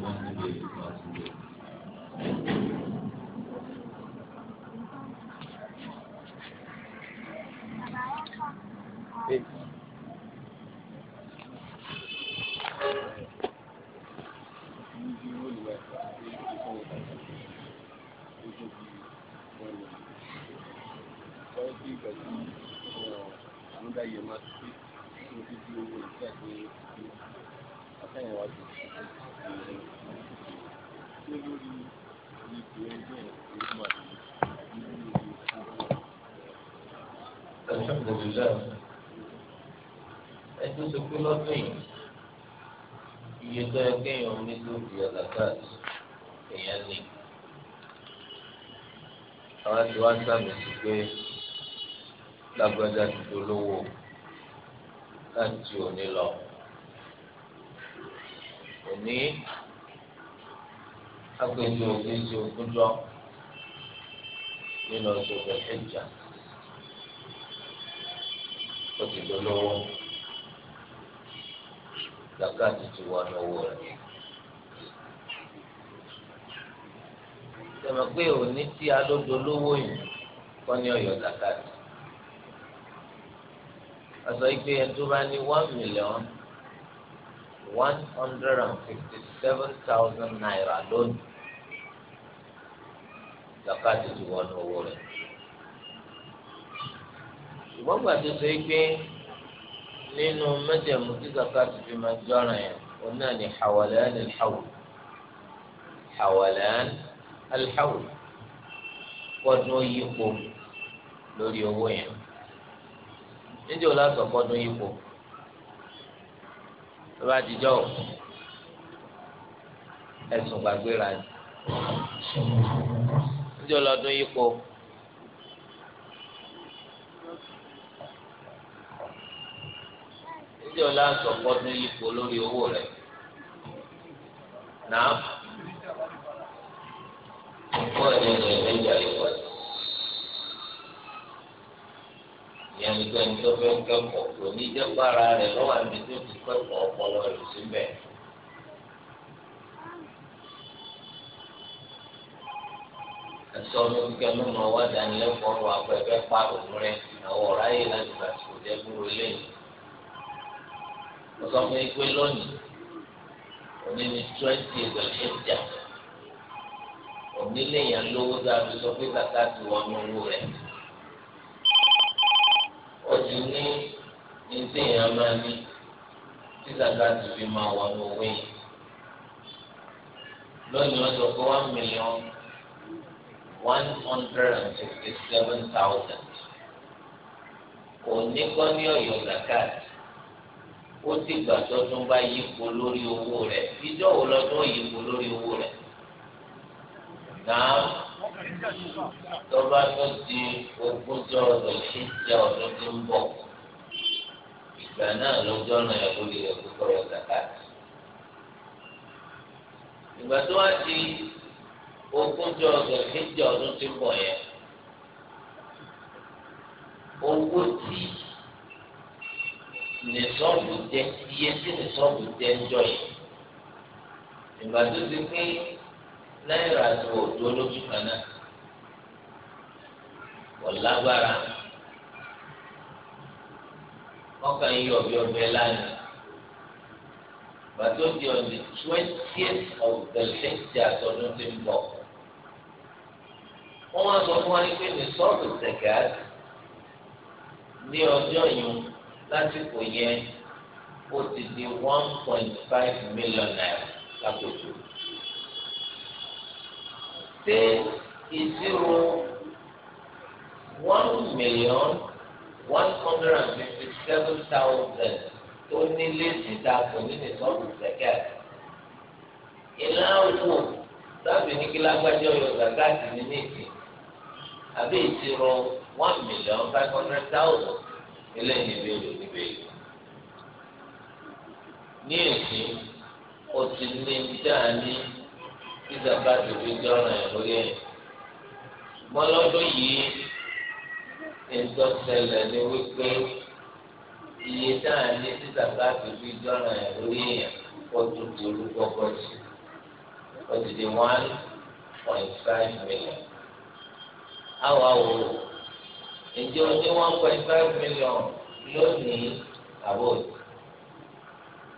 the one today is not today. pé lọ́dún yìí iye tó yẹ kéèyàn ní lóbi ọ̀làkàt èèyàn ní. àwọn ti wá sàmì sí pé lágbájá ti dolówó láti òní lọ. òní agbèjì ògbèjì ògúnjọ nínú ọjọ́ ìjà ó ti dolówó zakati ti wọnú owó rẹ̀. sọ̀rọ̀ pé òní tí alódo lówó yìí kọ́ ní ọ̀yọ́ zakati. aṣọ ìgbé yẹn tó bá ní one million one hundred and fifty seven thousand naira lónìí zakati ti wọnú owó rẹ̀. ṣùgbọ́n gbàdúrà sọ pé nínú mẹjẹmú tí zakat fi máa jọràn yẹn òun náà ní hawalan alhawl hawalan alhawl kọdún yípo lórí owó yẹn níjẹ́ òun lásán kọdún yípo tó bá ti jọ́ ẹ̀sùn gbàgbéra níjẹ́ òun lọ́dún yípo. tí ọlá sọ̀kọ́dún yípo lórí owó rẹ̀ náà wọ́n ní ní ìlẹ́jà ìwà ìyẹn ní pé ní tó fẹ́ kẹ́kọ̀ọ́ kò ní jẹ́ para rẹ̀ lọ́wọ́ àmì tó ti kẹ́kọ̀ọ́ ọpọlọ rẹ̀ síbẹ̀. ẹsọ ọdún kíkẹ ló mọ wá dánilẹ́kọ̀ọ́ ọ̀rọ̀ pàrọ̀ rẹ̀ àwọn ọ̀rá yìí láti gbà jẹ́ búrò lẹ́yìn wọ́n sọ fún yín pé lónìí òní ni twenty ìgbàlẹ̀ ìjà òní lèèyàn lówó dáadé sọ pé kàkà ti wọnú owó rẹ̀ ó ti ní ní téèyàn máa ní tí kàkà ti fi máa wọnú owó yìí lónìí wọ́n sọ pé one million one hundred and sixty seven thousand òní kọ́ ní ọ̀yọ́ zakat ó sì gbà tó tún bá yípo lórí owó rẹ̀ ìjọ wo lọ́dún yípo lórí owó rẹ̀ náà tó bá tó di ogúnjọ́ ọdún sí jẹ́ ọdún tó ń bọ̀ ìgbà náà lọ́jọ́ náà yẹ lórí rẹ̀ kó tọrọ zakati ìgbà tó wá di ogúnjọ́ ọdún sí jẹ́ ọdún tó ń bọ̀ yẹn owó tí nìsọ́ọ̀bù jẹ́ iye tí nìsọ́ọ̀bù jẹ́ ń jọ yìí ìgbà tó ti pé náírà tó o tó lójú kan náà kò lágbára ọkàn yìí ọbẹ ọbẹ lánàá ìgbà tó di on the twentieth of the sixth àtọ̀dún ti ń bọ̀ wọ́n wá sọ fún wa pé nìsọ́ọ̀bù tẹ̀gá ní ọjọ́ yìí lásìkò yẹn ó ti di one point five million naira lápòtò. ṣé ìṣirò one million one hundred and fifty seven thousand tó nílé ìta kò ní ní sọ́ọ̀bù sẹ́kẹ̀. ìlà wò sábì ní kí lágbájọ́ yọ zakati ní nìkì àbí ìṣirò one million five hundred thousand eléyìí ni bí olùdí ní èsì o ti ní dáàní tí sábà ti fi dọ́rọ̀ ẹ̀ lórí ẹ̀. ṣùgbọ́n lọ́dún yìí ìtọ́sẹ̀lẹ̀ ni wípé iye dáàní tí sábà ti fi dọ́rọ̀ ẹ̀ lórí ẹ̀ pọ̀ tó ti olúkọ́kọ́ sí ó ti di one point five million. àwa wò ó ǹjẹ́ o ní one point five million lónìí àbò òtún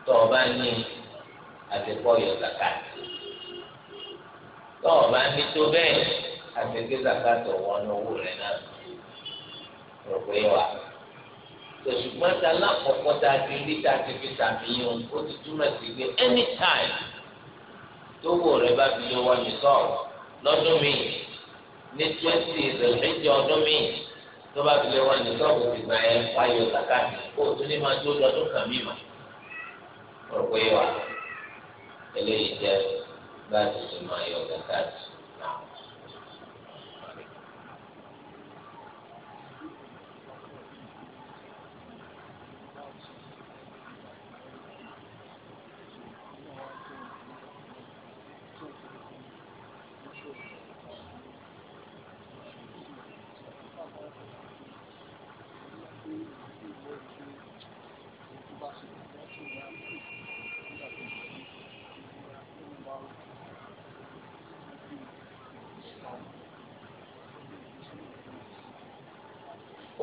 tó o bá ní àtẹkọ yọ zakat tó o bá ní tó bẹ́ẹ̀ àtẹkẹ zakat ọ̀wọ́n owó rẹ̀ náà rò pé wà tòṣùgbọ́n ta lákòókò tá a ti rí tá a ti fi ṣàfihàn ó ti túmọ̀ sí pé anytime tó wò rẹ bá fi lé wọnyí sọ̀rọ̀ lọ́dún míì ní twenty ìrẹ̀lẹ́jọ ọdún míì tó bá fi lé wọnyí sọ̀rọ̀ ti gbà ẹ̀ wáyé ọ̀sàkà kó o tún ní máa tó lọ́dún kan mọ́ ọ̀pọ̀ ìwà eléyìí jẹ́ bá a ti ṣe máa yọ gàtà jù.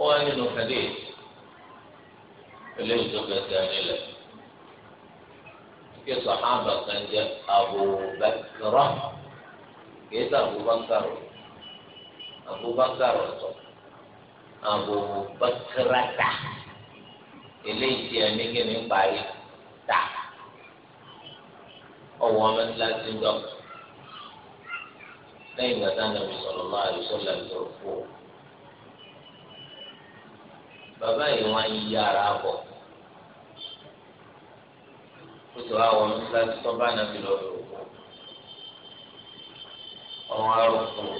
wọ́n nínú hadith eléyìí tó fẹsẹ̀ nílẹ̀ kí sọ̀hábà kan jẹ́ abubakar kì í sọ abubakar abubakar ọ̀tọ̀ abubakarata eléyìí tí a ní kí ni parí ta ọwọ́ ọmọ ńlá ti ń dọ̀ lẹ́yìn gbàtà nàbì sallallahu alaihi wasallam bàbá yìí wọn yí ara bọ̀ ó sì wá wọn láti tọ́ bá nàbí lọ rò ọmọ arò fún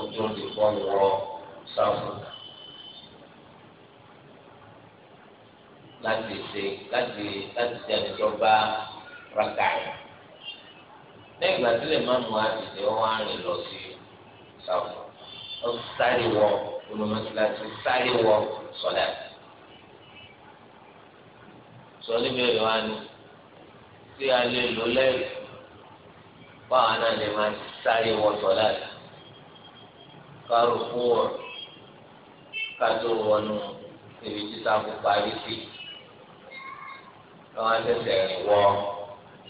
ojú ti fọ́ wọ sáfù láti ṣe láti láti ṣe àtijọba rákàyà lẹ́yìn ìgbà tí lè má mú àtìṣe wọn á rìn lọ sí sáfù ó sáré wọ olùmọ̀síláṣí sáré wọ sọ̀dá sọ níbẹ̀rẹ̀ wa ni tí a lè lò lẹ́yìn báwa náà lè máa sáré wọ sọ́lá rẹ̀ kárò fún wọn kátó wọnú ibi títà kó parí sí lọ́wọ́ àtẹ̀sẹ̀ rìn wọ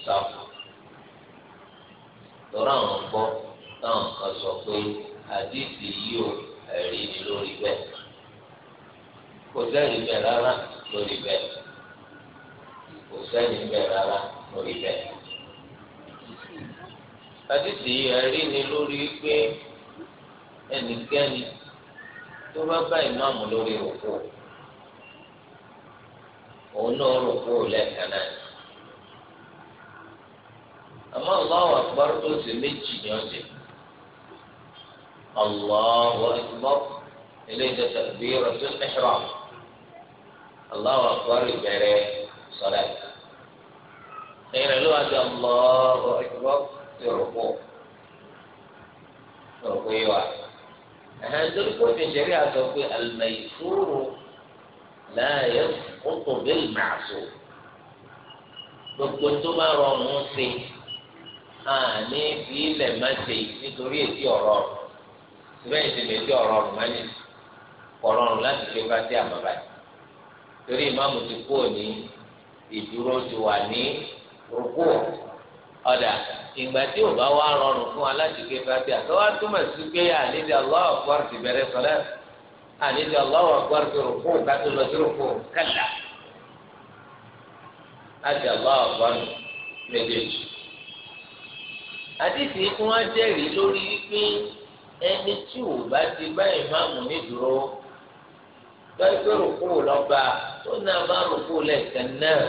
sáfù lọ́rọ̀ àwọn gbọ́ táwọn kan sọ pé àdìsí yìí ò ẹ̀rí ni lórí bẹ́ẹ̀ kò sẹ́rìí bẹ́ẹ̀ rárá lórí bẹ́ẹ̀ kò sẹ́ni bẹ́ẹ̀ rárá lórí bẹ́ẹ̀. Àdìsí ẹ̀rí ni lórí pé ẹnikẹ́ni tó bá bá ìmáàmù lórí òkú òun náà rò kú lẹ́ẹ̀kan náà. Àmọ́ Allahu Akbar tó ṣe méjì ní ọ̀sẹ̀. Allahu Akbar eléyìí tó tàbí rẹ̀ tó Allahu Akbar ìbẹ̀rẹ̀ sọlá yìí lẹ́yìn rẹ̀ ló wá sí ọlọ́ọ̀rọ̀ ìgbọ́ sí òrùkú òrùkú yìí wá ẹ̀hẹ́n torí pé òfin ìṣẹ̀rí àsọ pé àlùmẹ̀yìfúrú láàyè kótó bẹ́ẹ̀ màṣọ gbogbo tó bá rọrùn ṣe àní fi ilẹ̀ má ṣe nítorí èsì ọ̀rọ̀ síbẹ̀ ìṣẹ̀lẹ̀ èsì ọ̀rọ̀ rùmánì kọ̀ọ̀rọ̀ láti ṣe bá sí àmàbàyì torí ìmáàmù ti kú òní. ìdúró ti wà ní rúkú ọ̀dà ìgbà tí ò bá wá rọrùn fún wa láti ké fati túmọ̀ sí pé ànídìí Allahu Akbar ti bẹ̀rẹ̀ sọ́lẹ̀ ti rúkú kátó lọ sí rúkú àti méjèèjì. àdìsí tí wọ́n jẹ́rìí lórí wípé ẹni tí ò bá ti bá lọ́ọ́ pé rògbò lọ́ba tó náà bá rògbò lẹ́ẹ̀kan náà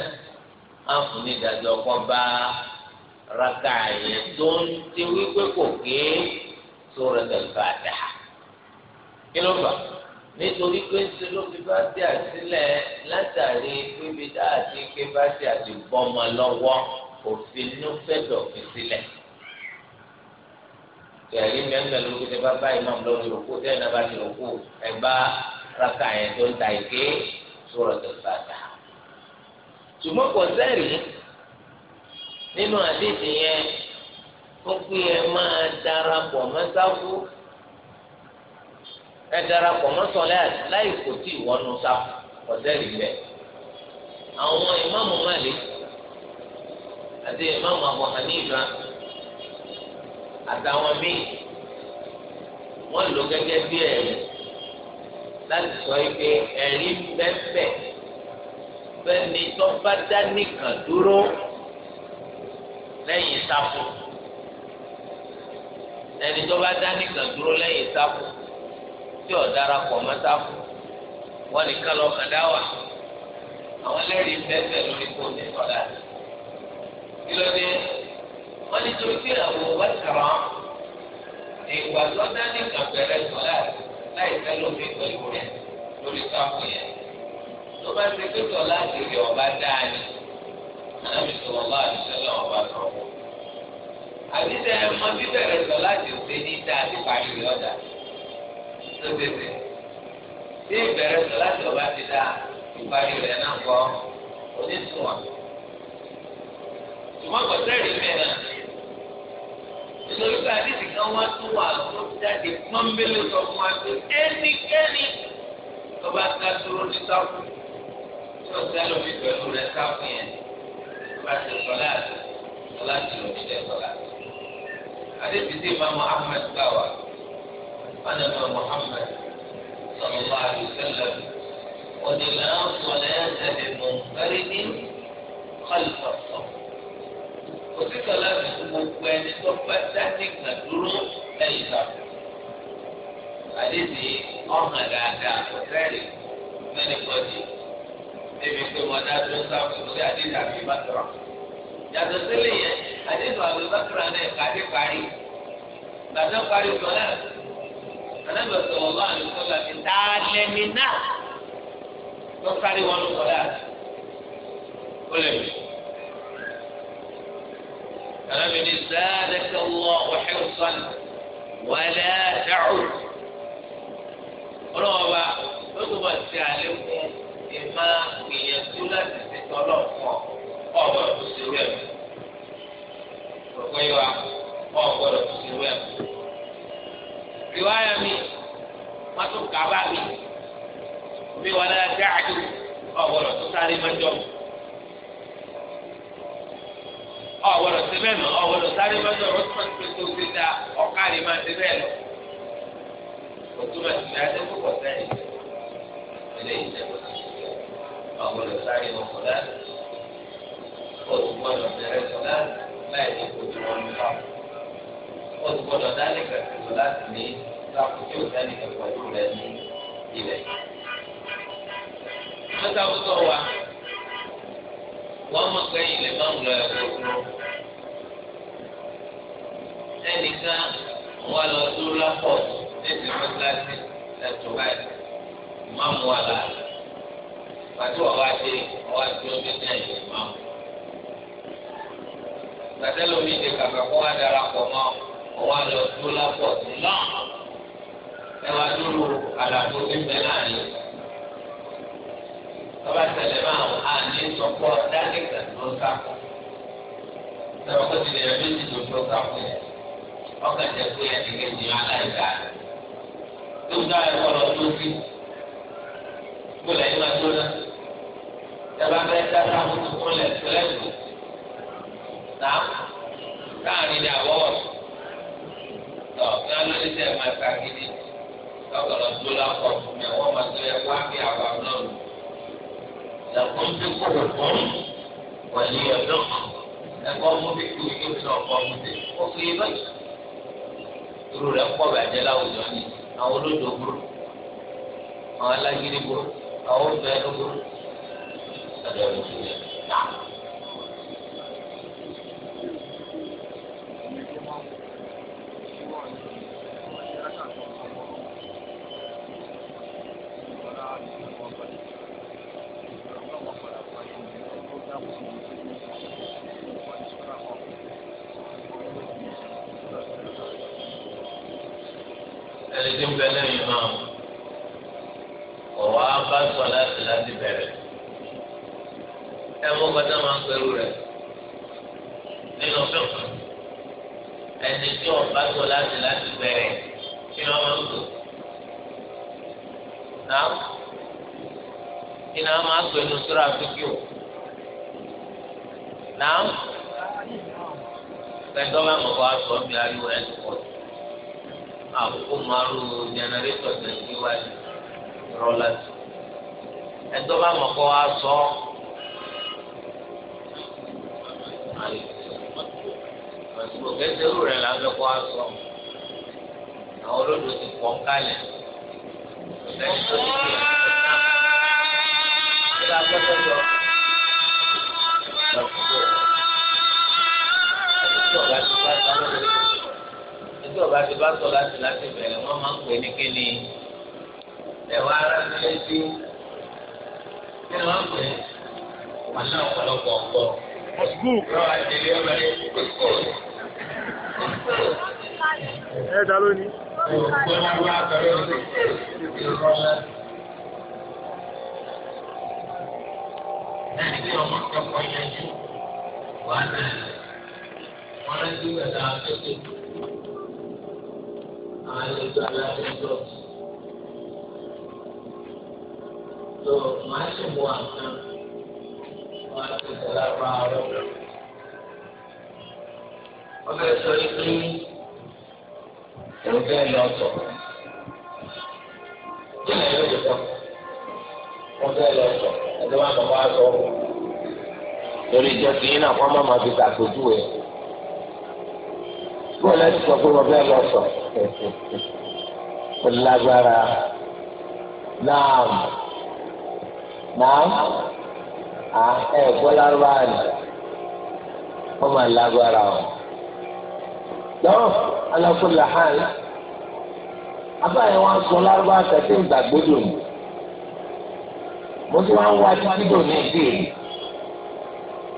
á fún ní ìdájọ́ ọkọ̀ bá raka yẹn tó ń ti wípé kò gé sóra tẹ̀lifà dà. kí ló fà nítorí pé ṣe ló fi bá dé àsílẹ̀ látàrí pípi dá àti pé bá dé àti bọ́mọ lọ́wọ́ òfin ló fẹ́ dọ̀fin sílẹ̀ tẹ̀lé mẹ́ńgà ló fi bá bá imam lórí òkú tẹ́lẹ̀ náà bá ti òkú ẹ̀ bá rákà yẹn tó ń ta ìké Suratul Fatiha. ṣùgbọ́n kò sẹ́rì nínú àdéhùn yẹn ó pé ẹ máa darapọ̀ mọ́sáfù ẹ darapọ̀ mọ́sọ̀lẹ́ láì kò tí ì wọnú sáfù kò sẹ́rì bẹ́ẹ̀. àwọn ìmáàmù Malik àti ìmáàmù Abu Hanifa àtàwọn míì wọ́n lò gẹ́gẹ́ bí ẹ̀rí láti sọ pé ẹ̀rí bẹ́ẹ̀ bẹ́ẹ̀ni tó bá dá nìkan dúró lẹ́yìn sáfù ẹni tó bá dá nìkan dúró lẹ́yìn sáfù tí ò darapọ̀ mọ́ sáfù wọ́n nìkan lọ kàn dá wà àwọn ẹlẹ́rìí bẹ́ẹ̀ lórí kó ní sọ̀dá kí ló dé wọ́n ní torí pé àwọn ò wá sọ̀rọ̀ ìgbà tó dá nìkan bẹ̀rẹ̀ sọ̀dá láì fẹ́ lómi pẹ̀lú rẹ̀ lórí sáfù yẹn. tó bá ti pẹ́tọ̀ láti rí ọba dáa ni àmì sọ̀rọ̀ bá àdìsẹ́lẹ̀ ọba sọ̀rọ̀. àdìsẹ́ ẹ̀mọ́ bíbẹ̀rẹ̀ sọ láti òde ní ìta àti parí rí ọ̀dà tó tètè. bí ìbẹ̀rẹ̀ sọ láti ọba ti dá ìparí rẹ̀ náà kọ́ onítùwọ̀n. ṣùgbọ́n kò mẹ́rin náà. nítorí pé àdìsí kan wá tó wà ló jáde pọ́nbélé sọ fún wa pé ẹnikẹ́ni ọba ká dúró ní sáfù tí ọ̀sẹ̀ lómi pẹ̀lú rẹ̀ sáfù yẹn bá ti sọlá àti sọlá ti lómi jẹ sọlá. àdìsí tí ìmá Muhammad gbà wá wọn ni ìmá Muhammad sọlá àti sọlá wọn ni ìlànà sọlá yẹn tẹ̀lé mọ̀ nkárí ní kọ́lùfọ̀ sọ̀rọ̀. kò sí sọlá ti fún gbogbo ẹni tó bá dájú ìgbà dúró lẹ́yìn ìsàkó àdéhì ọ̀hàn dáadáa ọ̀sẹ́rì mẹ́ni bọ́dì ebi pé wọn dájú sáfù lórí àdéhì àbí bàtúrà yàtọ̀ sílẹ̀ yẹn àdéhì àbí bàtúrà náà kàdé parí gbàdá parí sọlá anábẹ̀sọ̀ ọ̀lá àlùsọ̀lá ti dálẹ́ni náà lọ́sàrí wọn lọ́sọ̀lá ó alábìnrin sáádẹ́kẹ́ wọ ọ̀hẹ́sán wàlẹ́ àdáhù ọlọ́wọ́ba ó tó bá ti àlékún ìmá ìyẹ̀tú láti ti tọ́lọ̀ fún ọ ọ̀gbọ́dọ̀ tó ṣe wẹ̀ ọ̀gbọ́n yóò wá ọ̀gbọ́dọ̀ tó ṣe wẹ̀ riwaya mi wọ́n tún kàbá mi mi wàlẹ́ àdáhù ọ̀gbọ́dọ̀ tó sáré máa jọ mi. ọ̀wọ́dọ̀ sí bẹ́ẹ̀ mọ́ ọ̀wọ́dọ̀ sáré mọ́tò ọ̀rọ̀tún tó tó ti da ọ̀kárì máa ti bẹ́ẹ̀ lọ. òtúmọ̀ sí adé púpọ̀ sẹ́yìn ilé ìjẹ̀bù ọ̀wọ́dọ̀ sáré wọn kọ̀ láti òtúmọ̀dọ̀ bẹ̀rẹ̀ kọ̀ láti láì ní kojú wọn ní wọn. òtúmọ̀dọ̀ dálé kẹ̀kẹ́ kọ̀ láti ní lákòókò sẹ́ni kẹ̀kọ́ wọ́n mọ̀ pé ilẹ̀ máa ń lọ ẹ̀kọ́ dúró. ẹnìkan wà lọ dúró lápọ̀ níbi mọ́tíláṣí ẹ̀tọ́ báyìí máa mú wa là pàtó ọ̀wá dé ọ̀wá dúró níbi ẹ̀yìn máa mú. gbàtẹ́lẹ̀ omi ìdè kàkà kó wá darapọ̀ mọ́ ọ̀wá lọ dúró lápọ̀ sí ẹ̀wá dúró àdàbò ní bẹ́ẹ̀ láàrin tọ́ba tẹ̀lé máa wọ àní sọ́kọ́ dáníkà tó ń sáko tọ́ba kó tilẹ̀ yẹn méjì tó tó sáko yẹn ọkàn jẹ pé ẹnìkan ti máa láìka tó ń dára ẹ̀kọ́ lọ tó sí kó lẹ́yìn máa tó ná tọ́ba bẹ́ẹ̀ dára kó tó kó lẹ̀ tó lẹ́kọ̀ọ́ káàrin ní àwọ̀ tọ́ ní alóde tẹ̀ máa ta gidi tọ́kọ̀ lọ tó lọ́kọ̀ fún mi wọ́n máa tó yẹ wá bí àwọn àbúrò lẹ́kùn tí kò wò fún wẹ̀lí ọ̀dọ́ ẹ̀kọ́ múbi kú ikú sí ọ̀pọ̀ múbi ó fi yé báyìí. irú rẹ̀ pọ̀ bàjẹ́ láwùjọ ni àwọn olódò burú àwọn alágídí burú àwọn obìnrin burú. tá gbọ́dọ̀ yọ lọ́sọ̀tọ̀ ẹni ti bá sọ láti láti bẹ̀rẹ̀ wọ́n máa ń pè ní kíni ẹ̀wọ̀n ara ní létí kí ni wọ́n pè é wọ́n ọ̀pọ̀lọpọ̀ ọ̀pọ̀ lọ́wọ́ àìdèlé ọ̀rẹ́ ẹ̀ dá lónìí. ẹni tí ọmọ akẹ́kọ̀ọ́ yẹn jù wà náà wọ́n lé sí ìwé náà kéde àwọn ẹlẹ́gbẹ́ aláàbẹ̀ blọọ̀sì. tó màá sì mú àǹkan wọn á ti omo akekoo yen àbá ọ̀rọ̀. kede awon to maa mu won ti oro won so iku kí ni ẹ̀rọ ìjọba wọ́n fẹ́ lọ́tọ̀. tó wà lọ́wọ́ aṣọ torí ìjọ e, iná kọ́ máa ma fi ṣàpèjúwe bọ́ọ̀ láti sọ pé wọ́n fẹ́ lọ sọ lágbára náà náà ẹ̀ gbọ́ lárúbáà wọ́n máa lágbára o lọ́wọ́ alákòlá hàn abáyé wọn sọ tẹ̀sí ìgbàgbọ́dọ̀ mo ti wá ń wá títí dò ní ìdí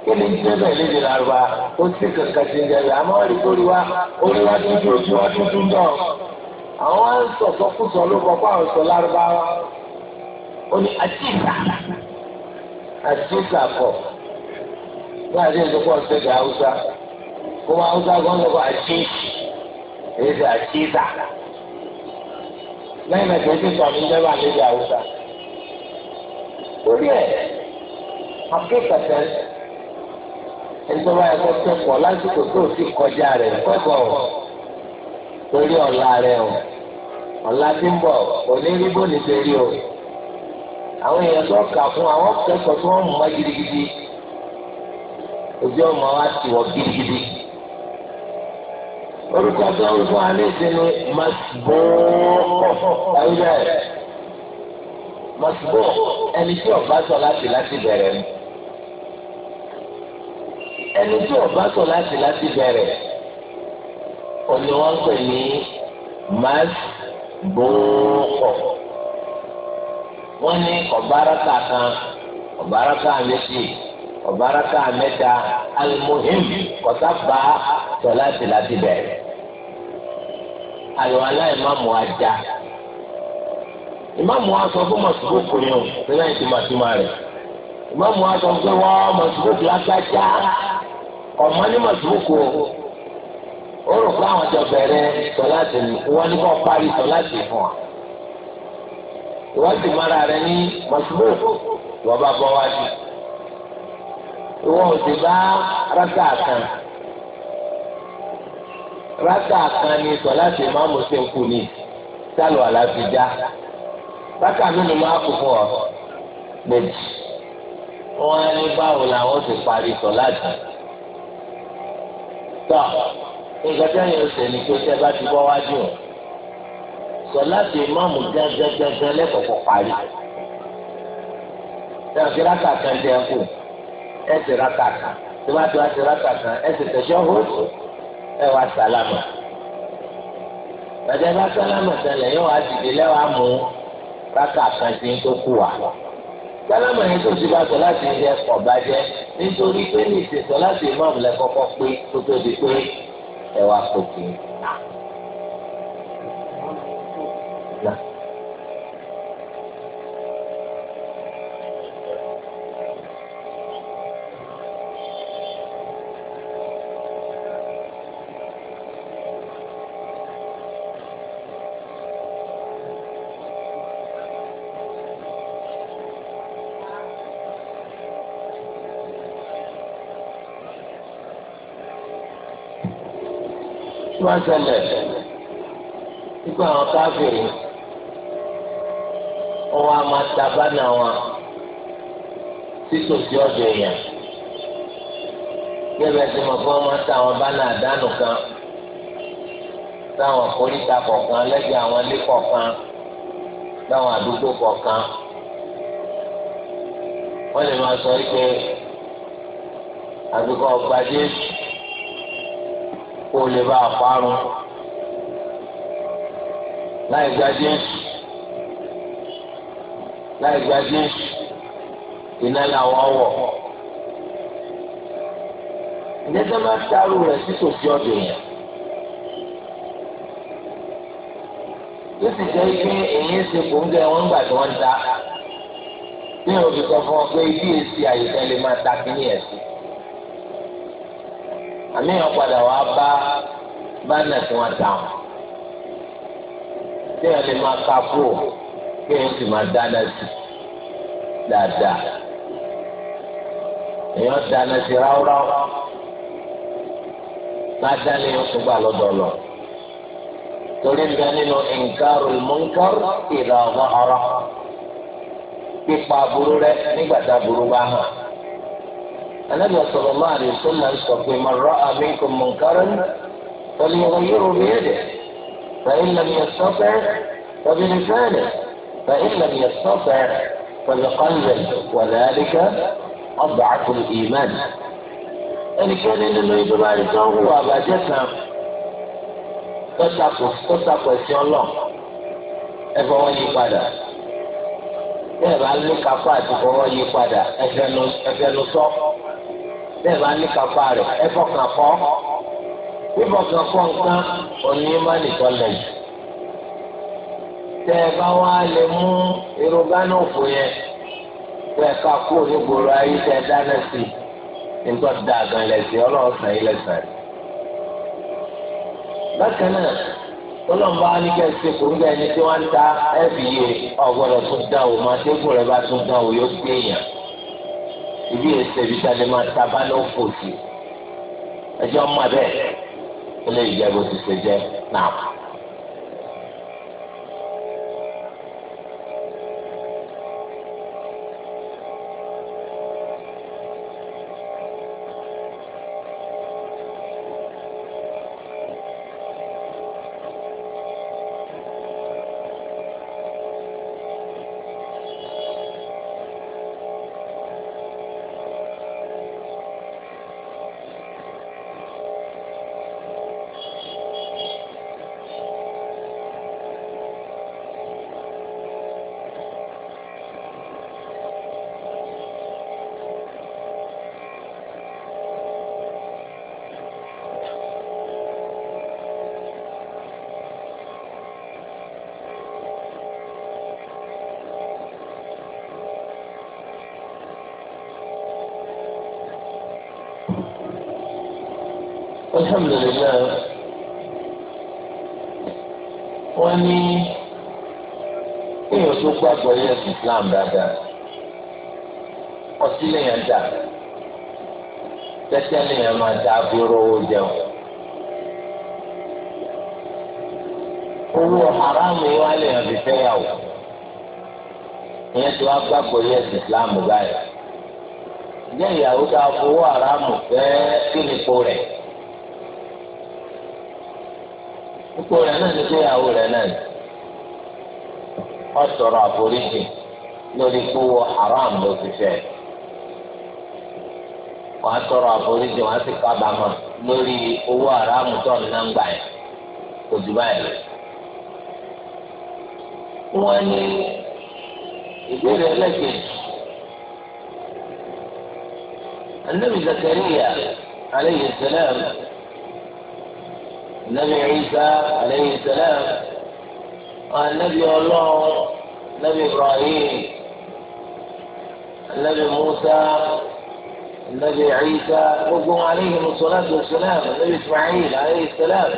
kí ni jẹ́bẹ̀ lédè lárúbá ó sì kankan sí jẹ́bẹ̀ àmọ́ rí lórí wa orí wa dúdú ojú wa dúdú náà àwọn wá ń sọ̀tọ̀ kú sọ ló kọ́ àwọn sọ lárúbá ó ní àjíǹkà àjíǹkà kọ̀ láti ẹ̀sọ́ pọ̀ ṣẹ̀dá haúsá kó wọn haúsá gan lọ́kọ̀ àjíǹkì èyí ṣe àjíǹkà lẹ́yìn ẹ̀sẹ̀ tó sọ̀rọ̀ ní jẹ́bẹ̀ àlejò haúsá. torí ẹ akíkàtà ìjọba ẹ̀kọ́ tó pọ̀ lásìkò tó ti kọjá rẹ̀ o torí ọ̀la rẹ̀ o ọ̀la ti ń bọ̀ onírígbó ní o àwọn èèyàn tó kà gidigidi ojú ọmọ wa ti gidigidi orúkọ tó ń fún wa mọ̀tìbọ̀ ẹni tí ọba sọ láti láti bẹ̀rẹ̀ ni ẹni tí ọba sọ láti láti bẹ̀rẹ̀ òní wọ́n pè ní masbúkọ̀ wọ́n ní ọ̀báraka kan ọ̀báraka méjì ọ̀báraka mẹ́ta alimohim kọ́tà bá sọ láti láti bẹ̀rẹ̀ àlọ́ aláìmọ́ àmọ́ ajá ìmáàmù wa sọ fún mọ̀sùlùkù yẹn o ní láyé tí màá ti máa rẹ̀ ìmáàmù wa sọ fún wa mọ̀sùlùkù lágbájá ọ̀mọ́ ní mọ̀sùlùkù o rò pé àwọn jọ bẹ̀rẹ̀ sọ̀láàtì ni wọ́n ní kó parí sọ̀láàtì fún wa ìwádìí mara rẹ ní mọ̀sùlùkù wọ́n bá bọ́ wájú ìwọ́n ò sì bá rákà kan rákà kan ní sọ̀láàtì ìmáàmù ṣe ń ni sálọ̀ àlàáfíà bákà nínú máa kú fún ọ méjì wọn á ní báwo làwọn ti parí sọ láti tọ nǹkan tẹ́yìn ọ̀sẹ̀ ni pé tẹ́ bá ti bọ́ wájú ọ sọ láti ìmáàmù gángan lẹ́kọ̀ọ́kọ́ parí tẹ́ ọ̀sẹ̀ rákà kan tẹ́ ẹ kù ẹ sì rákà kan tí wọ́n á ti wá sí rákà kan ẹ sì tẹ̀sọ́ hóòtù ẹ wá sálámà gbàdé bá sálámà sẹlẹ̀ yóò wá dìde lẹ́wàá mú un rákà kan ti ń tó kù wá. sálámà yẹn tó ti bá sọ láti ilé ẹ̀kọ́ bá jẹ́ nítorí pé ní ìṣètò láti ìmáàmù lẹ kọ́kọ́ pé tó tó di pé ẹ kò kì í. máa ń ṣẹlẹ̀ nígbà àwọn káfíìn wọn a máa dábàá náà wọn títòsí ọ̀dọ̀ èèyàn gẹ́gẹ́ tí mo fọ́ máa ta àwọn bánà àdánù kan táwọn kórìíta kọ̀ọ̀kan lẹ́gbẹ̀ẹ́ àwọn ilé kọ̀ọ̀kan táwọn àdúgbò kọ̀ọ̀kan wọ́n lè máa sọ wípé àbíkọ́ ọgbà Jésù. ò lè bá a parun láì gbadé láì gbadé iná làwọn wọ̀ ǹjẹ́ máa dárú rẹ̀ sítòsí ọ̀dọ̀ yẹn. tó sì jẹ́ pé èyí ń ṣe kòńgẹ́ wọn nígbà tí wọ́n ń ta bí kan fún ọ pé ibi àníyàn padà wá bá bánà tí wọ́n dà wọ́n tí wọ́n lè máa ka kúrò kí wọ́n sì máa dáná sí dáadáa èèyàn dáná sí ráúráú ládàá ni wọ́n tún gbà lọ́dọ̀ lọ torí nǹkan nínú ìǹkarù mọ́ǹkarù ìlà ọ̀rọ̀ pípa burú rẹ nígbà tá burú bá hàn. النبي صلى الله عليه وسلم يقول من رأى منكم منكرا فليغيره بيده فإن لم يستطع فبلسانه فإن لم يستطع فبقلبه وذلك أضعف الإيمان ẹnikẹ́ni nínú ibi bá rí tán hùwà àbàjẹ́ kan tọ́tàkù tọ́tàkù ẹ̀sìn ọlọ́ọ̀ ẹ̀fọ́ wọn yí padà bẹ́ẹ̀ bá ní kápá àti fọwọ́ yí padà ẹ̀fẹ́ ló sọ bẹ́ẹ̀ bá ní kápá rẹ̀ ẹ fọkàn kọ́ fífọkàn kọ́ nǹkan òní má nìkan lẹ̀ jù tẹ́ ẹ bá wá lè mú irú gánà òfò yẹn tẹ́ ẹ ká kú onígboro ayé tẹ́ ẹ dáná sí i nítorí dàgàn lẹ́sìn ọlọ́run sàn yín lẹ́sàn rẹ̀ bákan náà tọ́lọ́mùbá ní kẹ́ ẹ ṣe kòńgà ẹni tí wọ́n ń ta ẹ̀bì ọ̀gbọ́dọ̀ tún dá o máa dégùn rẹ̀ bá tún dá o yóò gbé yàn ibi èsè ibi tí a lè máa ta bá lọ́wọ́ kò sí ẹjọ́ mọ̀ bẹ́ẹ̀ ó lè jẹ́ bó ti ṣe jẹ́ náà. والحمد لله wọ́n ní èèyàn tó gbàgbọ́ yẹ ẹ̀sìn Islam dáadáa ọtí lèèyàn dà tẹ́tẹ́ lèèyàn owó jẹun ìyẹn tó wá gbàgbọ́ yẹ Slam báyìí ìyẹn ìyàwó fowó fẹ́ kí ni kó rẹ̀. ipò rẹ̀ náà ní gbéyàwó rẹ̀ náà ní. wọ́n sọ̀rọ̀ àforíjì lórí kówó haram ló ti fẹ́. wọ́n sọ̀rọ̀ àforíjì wọ́n sì kábàámọ̀ lórí owó haram tó ń ná yẹn kò báyìí lọ. ní ìbéèrè ẹlẹ́gbẹ̀ẹ́ النبي زكريا عليه السلام nabi Isa alayhi salam anabi Ọlọ́run nabi Ibrahim nabi Musa nabi Isa gbogbo alayhi musalatu salam nabi Ismail alayhi salam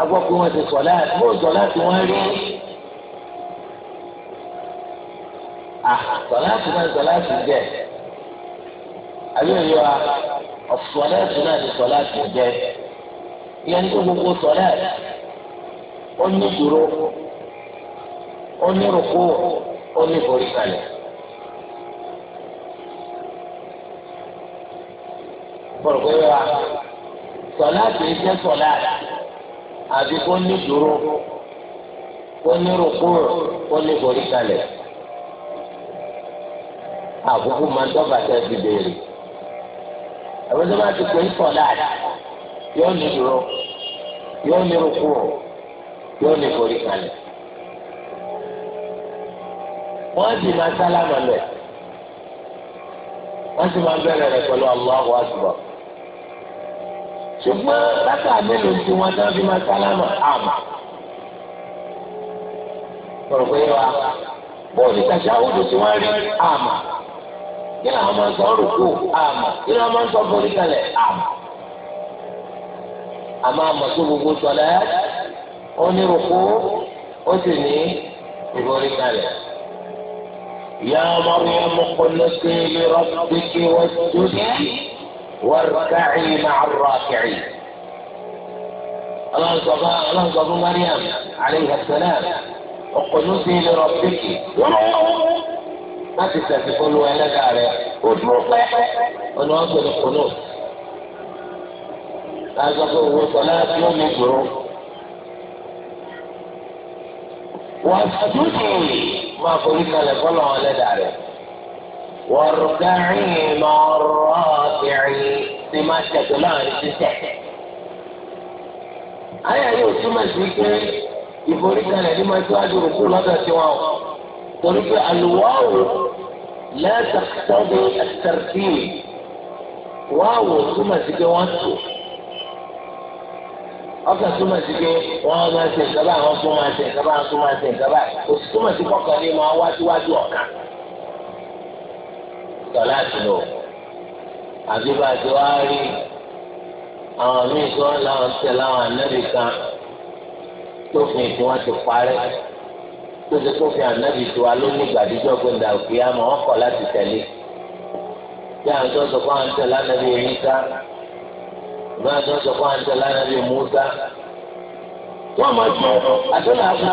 agbọ́kú wọn ti sọ̀lá bó sọ̀lá tí wọ́n rí sọ̀lá tí wọ́n sọ̀lá tí jẹ́ àbí òye wa ọ̀sọ̀lá tí wọ́n ti sọ̀lá tí jẹ́. ìyẹn ní gbogbo sọ̀lẹ́ ó ní dúró ó ní rúkú ó ní borí kalẹ̀. Bọ̀dọ̀ kìí jẹ́ sọ̀lá àbí kó ní dúró kó ní rúkú ní máa ń dọ́gba tẹ́ ti ti pè é yóò ní dúró. yóò ní rúkú ọ yóò ní forí kalẹ̀ wọ́n sì máa sálámà lẹ̀ wọ́n sì máa bẹ̀rẹ̀ rẹ̀ pẹ̀lú Allahu Akbar ṣùgbọ́n bàtà mélòó tí wọ́n dá fi máa sálámà àmà pọ̀lọ́pọ̀ yẹn wa bóòlù tàṣàwùdù tí wọ́n rí àmà kí máa sọ rúkú àmà kí àmọ́ àmọ́ pé gbogbo sọlẹ̀ ó ní rúkú ó sì ní ìborí kalẹ̀. يا مريم قلتي لربك واسجدي واركعي مع الراكعين الله صفا الله صفا مريم عليه السلام وقلتي لربك ما تستفقوا له لك عليه ودروك له ونوصل القنوت agbọ́dọ̀ owó sọlá tí ó lè gbòòrò. wọ́n dúdú máa forí kalẹ̀ fọlọ́ wọn lẹ́dà rẹ̀. wọ́n rúkàrín lọ́rọ́ kẹrin tí máa tẹ̀tọ̀ láàrin títẹ̀. ayé yóò túmọ̀ sí pé ìforí kalẹ̀ ní máa tíwájú rúkú lọ́dọ̀ tiwọn o. torí pé àlùwọ́ọ̀wù lẹ́sàkítọ́dún ẹ̀sẹ̀rẹ̀tì wọ́ọ̀wù túmọ̀ sí pé wọ́n tù ọkàn túmọ̀ sí pé wọ́n máa ṣe ìkàbá àwọn tó máa ṣe ìkàbá àwọn tó máa ṣe ìkàbá òsì túmọ̀ sí kọ́kọ́ ní máa wájúwájú ọ̀kan. tọ́lá ti lò àbí bá rí àwọn míì tó ń láwọn tẹ̀ láwọn ànábì kan tó fi ìdí wọn ti parẹ́ tó ti kó fi ànábì tó wa ló ní ìgbàdíjọ́ gbọ̀ndà òkè àmọ́ wọn kọ̀ láti tẹ̀lé bí àwọn tó sọ fún àwọn tẹ̀lé ànábì yìí ká ìgbà tó ń sọ fún àǹtẹ̀ lánàá bíi Musa wọ́n máa tún àdúrà àgbà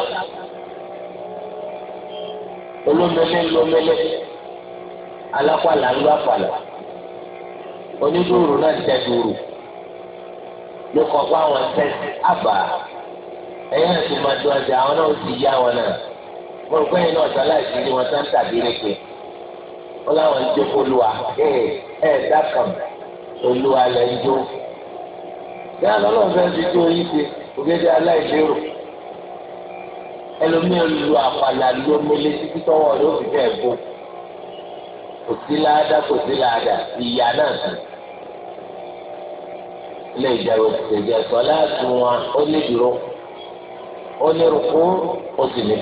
olómele lómele alápàlà ńlọ àpàlà onídùúrù náà jẹ dùúrù ló kọ fún àwọn tẹsí àbà ẹ̀yìn àti màdùn ọjà àwọn náà ó sì yá wọn náà mo rò pé ẹ̀yin náà sọlá ìṣèlú wọn sáà ń tàbí rẹpẹ wọn láwọn ń jó olúwa ẹ ẹ dákàm olúwa lẹ ń bí alọ́lọ́run fẹ́ fi tó yín ṣe ògèdè aláìlérò ẹlòmíràn lu àpàlà lómọlé títí tọwọ́ fi bẹ́ẹ̀ bó kò sí láàdá kò sí láàdá ìyá náà sùn ilé ìjẹun ìṣèjẹ sọ láti wọn ó ní dúró ó ní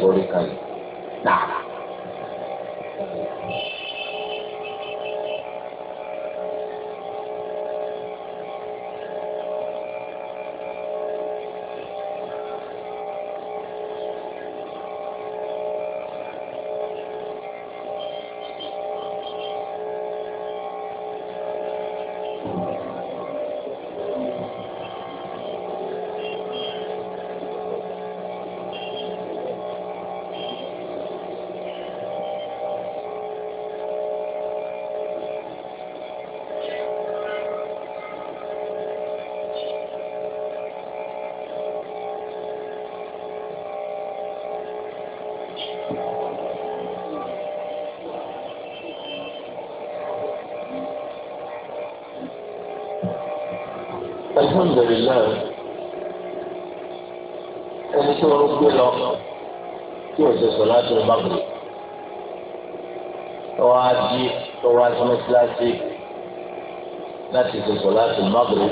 alhamdulilayi ẹni tí wọn gbé lọ tí o ṣe sọ láti ọba gbé lọ́wọ́ adi lọ́wọ́ asọmọsíláṣí láti ṣe sọ láti magre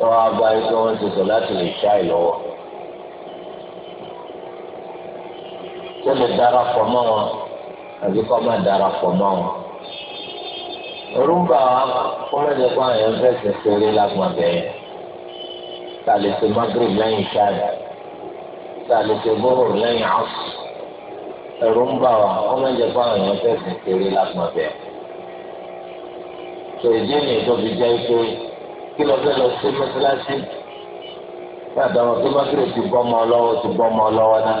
lọ́wọ́ abáyé tí wọn ṣe sọ láti lè ṣá ìlọwọ tó lè darapọ̀ mọ́ wọn àbí kọ́ máa darapọ̀ mọ́ wọn. Orúkọ àwọn akọ̀ kọ́mẹ́jọ kó àwọn èèyàn fẹsẹ̀ péré lágbọ̀n bẹ̀yẹn tá a lè ṣe magrib lẹ́yìn ṣáàdì tá a lè ṣe bóró lẹ́yìn ọ̀sù ẹ̀rù ń bà wá kọ́mẹ́jọ kó àwọn èèyàn fẹsẹ̀ péré lágbọ̀n bẹ̀yẹn. tó ìdí ni ètò fi jẹ́ pé kí lọ fẹ́ lọ sí mọ́sálásí gbàdá wọn tó magrib ti bọ́ ọmọ lọ́wọ́ ti bọ́ ọmọ lọ́wọ́ náà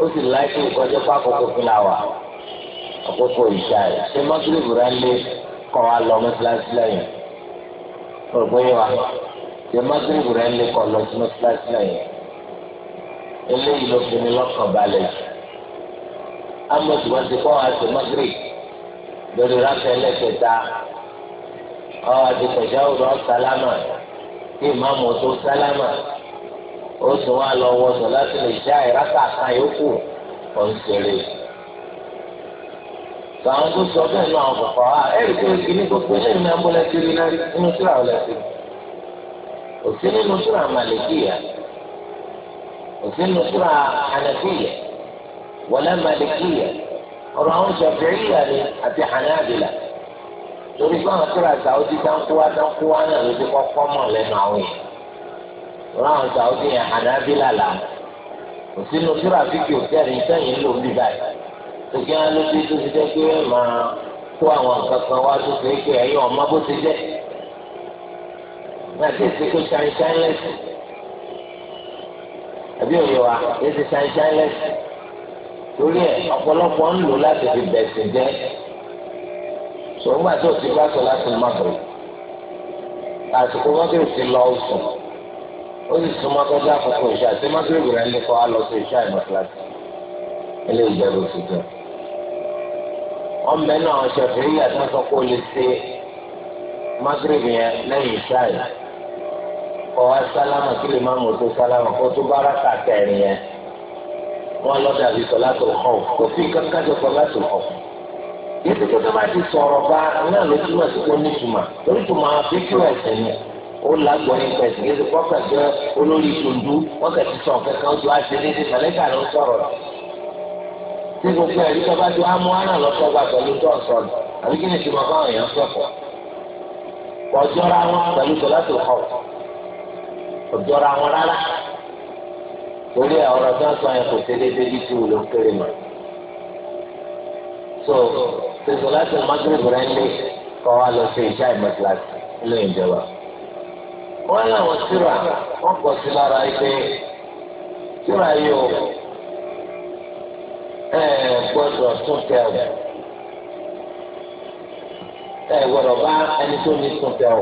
ó sì láìpẹ́ ìkọjọ́ pákó kókó làwà àkókò ìṣáà ṣe magrib rẹ̀ lé kọ́ wa lọ mọ́sálásí lẹ́yìn òrùkú yìí wa ṣe mọ́gírìbù rẹ̀ lè kọ́ lọ sí mọ́sálásí lẹ́yìn eléyìí ló fi ní lọ́kàn balẹ̀ amọ̀tí wọ́n ti kọ́ wa ṣe mọ́gírìbù lórí rákẹ́ lẹ́kẹ̀ta ọ́ àdìpẹ̀jẹ́ òrò sálámà kí ìmáàmù tó sálámà ó sì wá lọ wọ́sọ̀ láti lè ṣe àìrákà kan ọ̀ ń ṣeré àwọn tó sọ bẹ́ẹ̀ náà àwọn kọ̀ọ̀kan á ẹ̀rí pé kìíní gbogbo ilé ìmọ̀ ẹ̀mọ́lẹ̀ ti rí náà nínú síra ọ̀lẹ̀ sí i òsì nínú síra màlìkìyà òsì nínú síra ànàfíyà wọlé màlìkìyà ọ̀rọ̀ àwọn ṣàfihìyà ni àti hànàbìlà torí báwọn síra sàwọ́dí dáńkúwá dáńkúwá náà ló ti kọ́kọ́ mọ̀ lẹ́nu àwọn yẹn ọ̀rọ̀ àwọn sàwọ́dí òkè wọn ló fi tó ti jẹ́ pé ẹ máa kó àwọn nǹkan kan wá tó ṣe é pé ẹ̀yin ọmọ bó ti jẹ́ láti ṣe pé ṣáínṣáín lẹ́sìn àbí òye wa èsì ṣáínṣáín lẹ́sìn torí ẹ̀ ọ̀pọ̀lọpọ̀ ń lò láti fi bẹ̀sìn jẹ́ sọ̀rọ̀gbà tó ti bá sọ láti má bẹ̀rẹ̀ àsìkò mọ́tò ti lọ sùn ó sì sún mọ́tò dá àkókò ìṣe àti mọ́tò ìgbìyànjú kọ́ á lọ sí ìṣe àìmọ́ kíláàsì ilé ìjẹ́bù ti jẹun ọmọbẹ náà ṣẹ̀fẹ̀ yíyà tó sọ pé o lè ṣe magrib yẹn lẹ́yìn ìṣáì kọ́ wa sálámà kí lè má mọ̀ tó sálámà kó tó bá rákà kẹrin yẹn wọ́n lọ dàbí sọ láti ọkọ̀ kò sí kankan tó sọ láti ọkọ̀ yìí tó tó bá ti sọ̀rọ̀ bá náà ló túmọ̀ sí pé ó ní ìtumọ̀ lórí ìtumọ̀ fífi ẹ̀sẹ̀ ni ó lágbọ́n ní pẹ̀sì kí ó ti olórí ìtòndú wọ́n ti sọ̀ kẹ̀kẹ́ ojú àti ní tí gbogbo ẹ̀rí tó bá ju amú ara lọ́sọ̀ gba pẹ̀lú tó ọ̀sọ̀ ni àbí kí ni ti máa fáwọn èèyàn sọ̀kọ̀ ọjọ́ra wọn pẹ̀lú tó láti kọ̀ ọjọ́ra wọn rárá torí ọ̀rọ̀ tó ń sọ yẹn kò ṣe déédéé bí tí olè ń kéré mọ́ so tẹsán láti magreth rẹ lé kọ́ wa lọ sí ìṣá ìmọ̀tíláṣí ilé ìjọba wọ́n láwọn síra wọ́n pọ̀ sí lára ẹgbẹ́ síra yìí o ẹ gbọ́dọ̀ tún tẹ ọ ẹ gbọ́dọ̀ bá ẹni tó ní tún tẹ ọ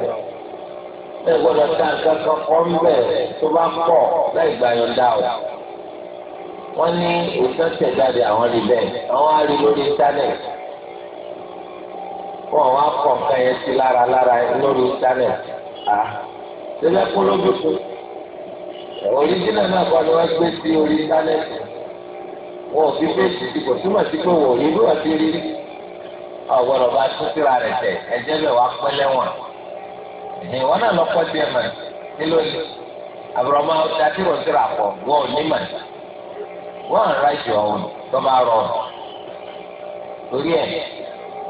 ẹ gbọ́dọ̀ ta nǹkan kan kọ ń bẹ tó bá pọ̀ láì gbà yọ̀ǹda ọ wọ́n ní òtún tẹ̀jáde àwọn rí bẹ́ẹ̀ àwọn á rí lórí íńtánẹ́ẹ̀tì wọ́n wá kọ nǹkan yẹn sí lára lára lórí íńtánẹ́ẹ̀tì à ṣẹlẹ̀ kó lójú kù oríjìnà náà kọ́ ni wọ́n gbé sí orí íńtánẹ́ẹ̀tì. wọn ò fi méjì ti kò túmọ̀ sí pé wọ́n yìí lóra ti rí ọ̀gbọ́dọ̀ bá tún síra rẹ̀ tẹ̀ ẹ̀jẹ̀ bẹ̀ wá pẹ́ lẹ́wọ̀n náà mọ̀ àbúrọ̀mọ́ ọ̀tá tí wọ́n síra pọ̀ wọ́n ò ní mọ̀ wọ́n ra ọ̀hún tó bá torí ẹ̀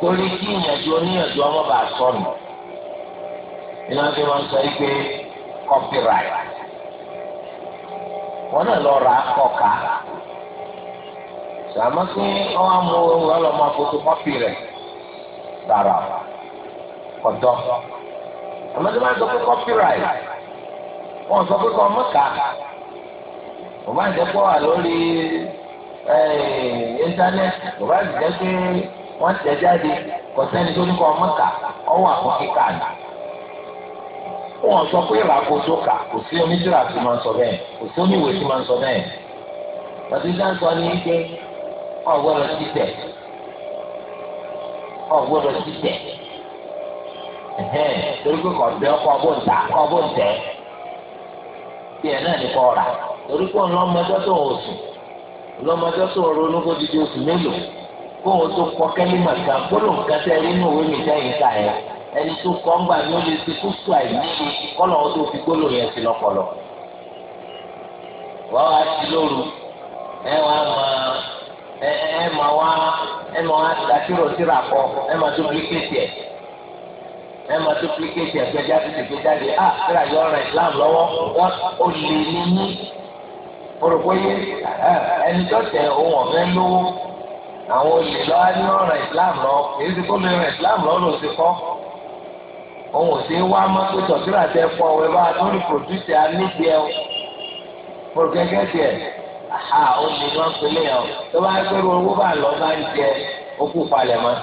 torí kí ìyànjú oníyànjú ọmọ bá sọnù iná tí wọ́n sọ wọ́n náà lọ sàmà pé ọwọ́ amú ọlọ́mọ fotokọ́pì rẹ̀ tààrà ọ̀dọ́ àmọ́tí wọ́n sọ pé copyright wọ́n sọ pé kọ́ mọ́ta kò bá jẹ́ pọ́ wà lórí íńtánẹ́ẹ̀tì kò bá jẹ́ pé wọ́n tẹ̀ jáde kò tó ní kọ́ mọ́ta ọwọ́ àpò kíkà ni wọ́n sọ pé kà kò sí sọ kò sí oníwèé tí máa sọ ọ̀gbọ́dọ̀ títẹ̀ ọ̀gbọ́dọ̀ tẹ, torí pé kọ̀ọ̀bẹ ọkọ̀ ọgbọ̀ntà ọgbọ̀ntẹ̀ tiẹ̀ náà ní kọ́ ra torí pé ọlọ́mọdé tó ń sùn ọlọ́mọdé tó ń ronú kó didi oṣù mélòó kó wọn tó kọ kẹ́límà kan gbọ́dọ̀ nǹkan tẹ́ rí inú òwe mi sẹ́yìn ká ẹ̀ ẹni tó kọ́ ń gbà ní wọn tó fi ẹ ẹ mọ wá ẹ mọ wá dàtírò síra kọ ẹ mọ duplicate ẹ ẹ mọ duplicate ẹ gbẹdẹ àtúntò gbẹdẹ à síra yọ ọ̀rọ̀ Islam lọ́wọ́ wọn ò lè ní ní orògbóyè ẹni tó tẹ ohun ọ̀fẹ́ lówó àwọn olè lọ́wọ́ ní ọ̀rọ̀ Islam lọ èyí ti kó lè rìn Islam lọ́wọ́ ló ti kọ́ òun ò sí wá mọ́tò tọ̀síra tẹ fọ ọ̀wẹ́ bá a tó ní pòdúsì anídìí ẹ̀ fọ̀rọ̀gẹ́gẹ́ tiẹ̀. a ó lè ní wọn pélé ọ tó bá gbẹrù owó bá lọ bá ń jẹ okú palẹ̀ mọ́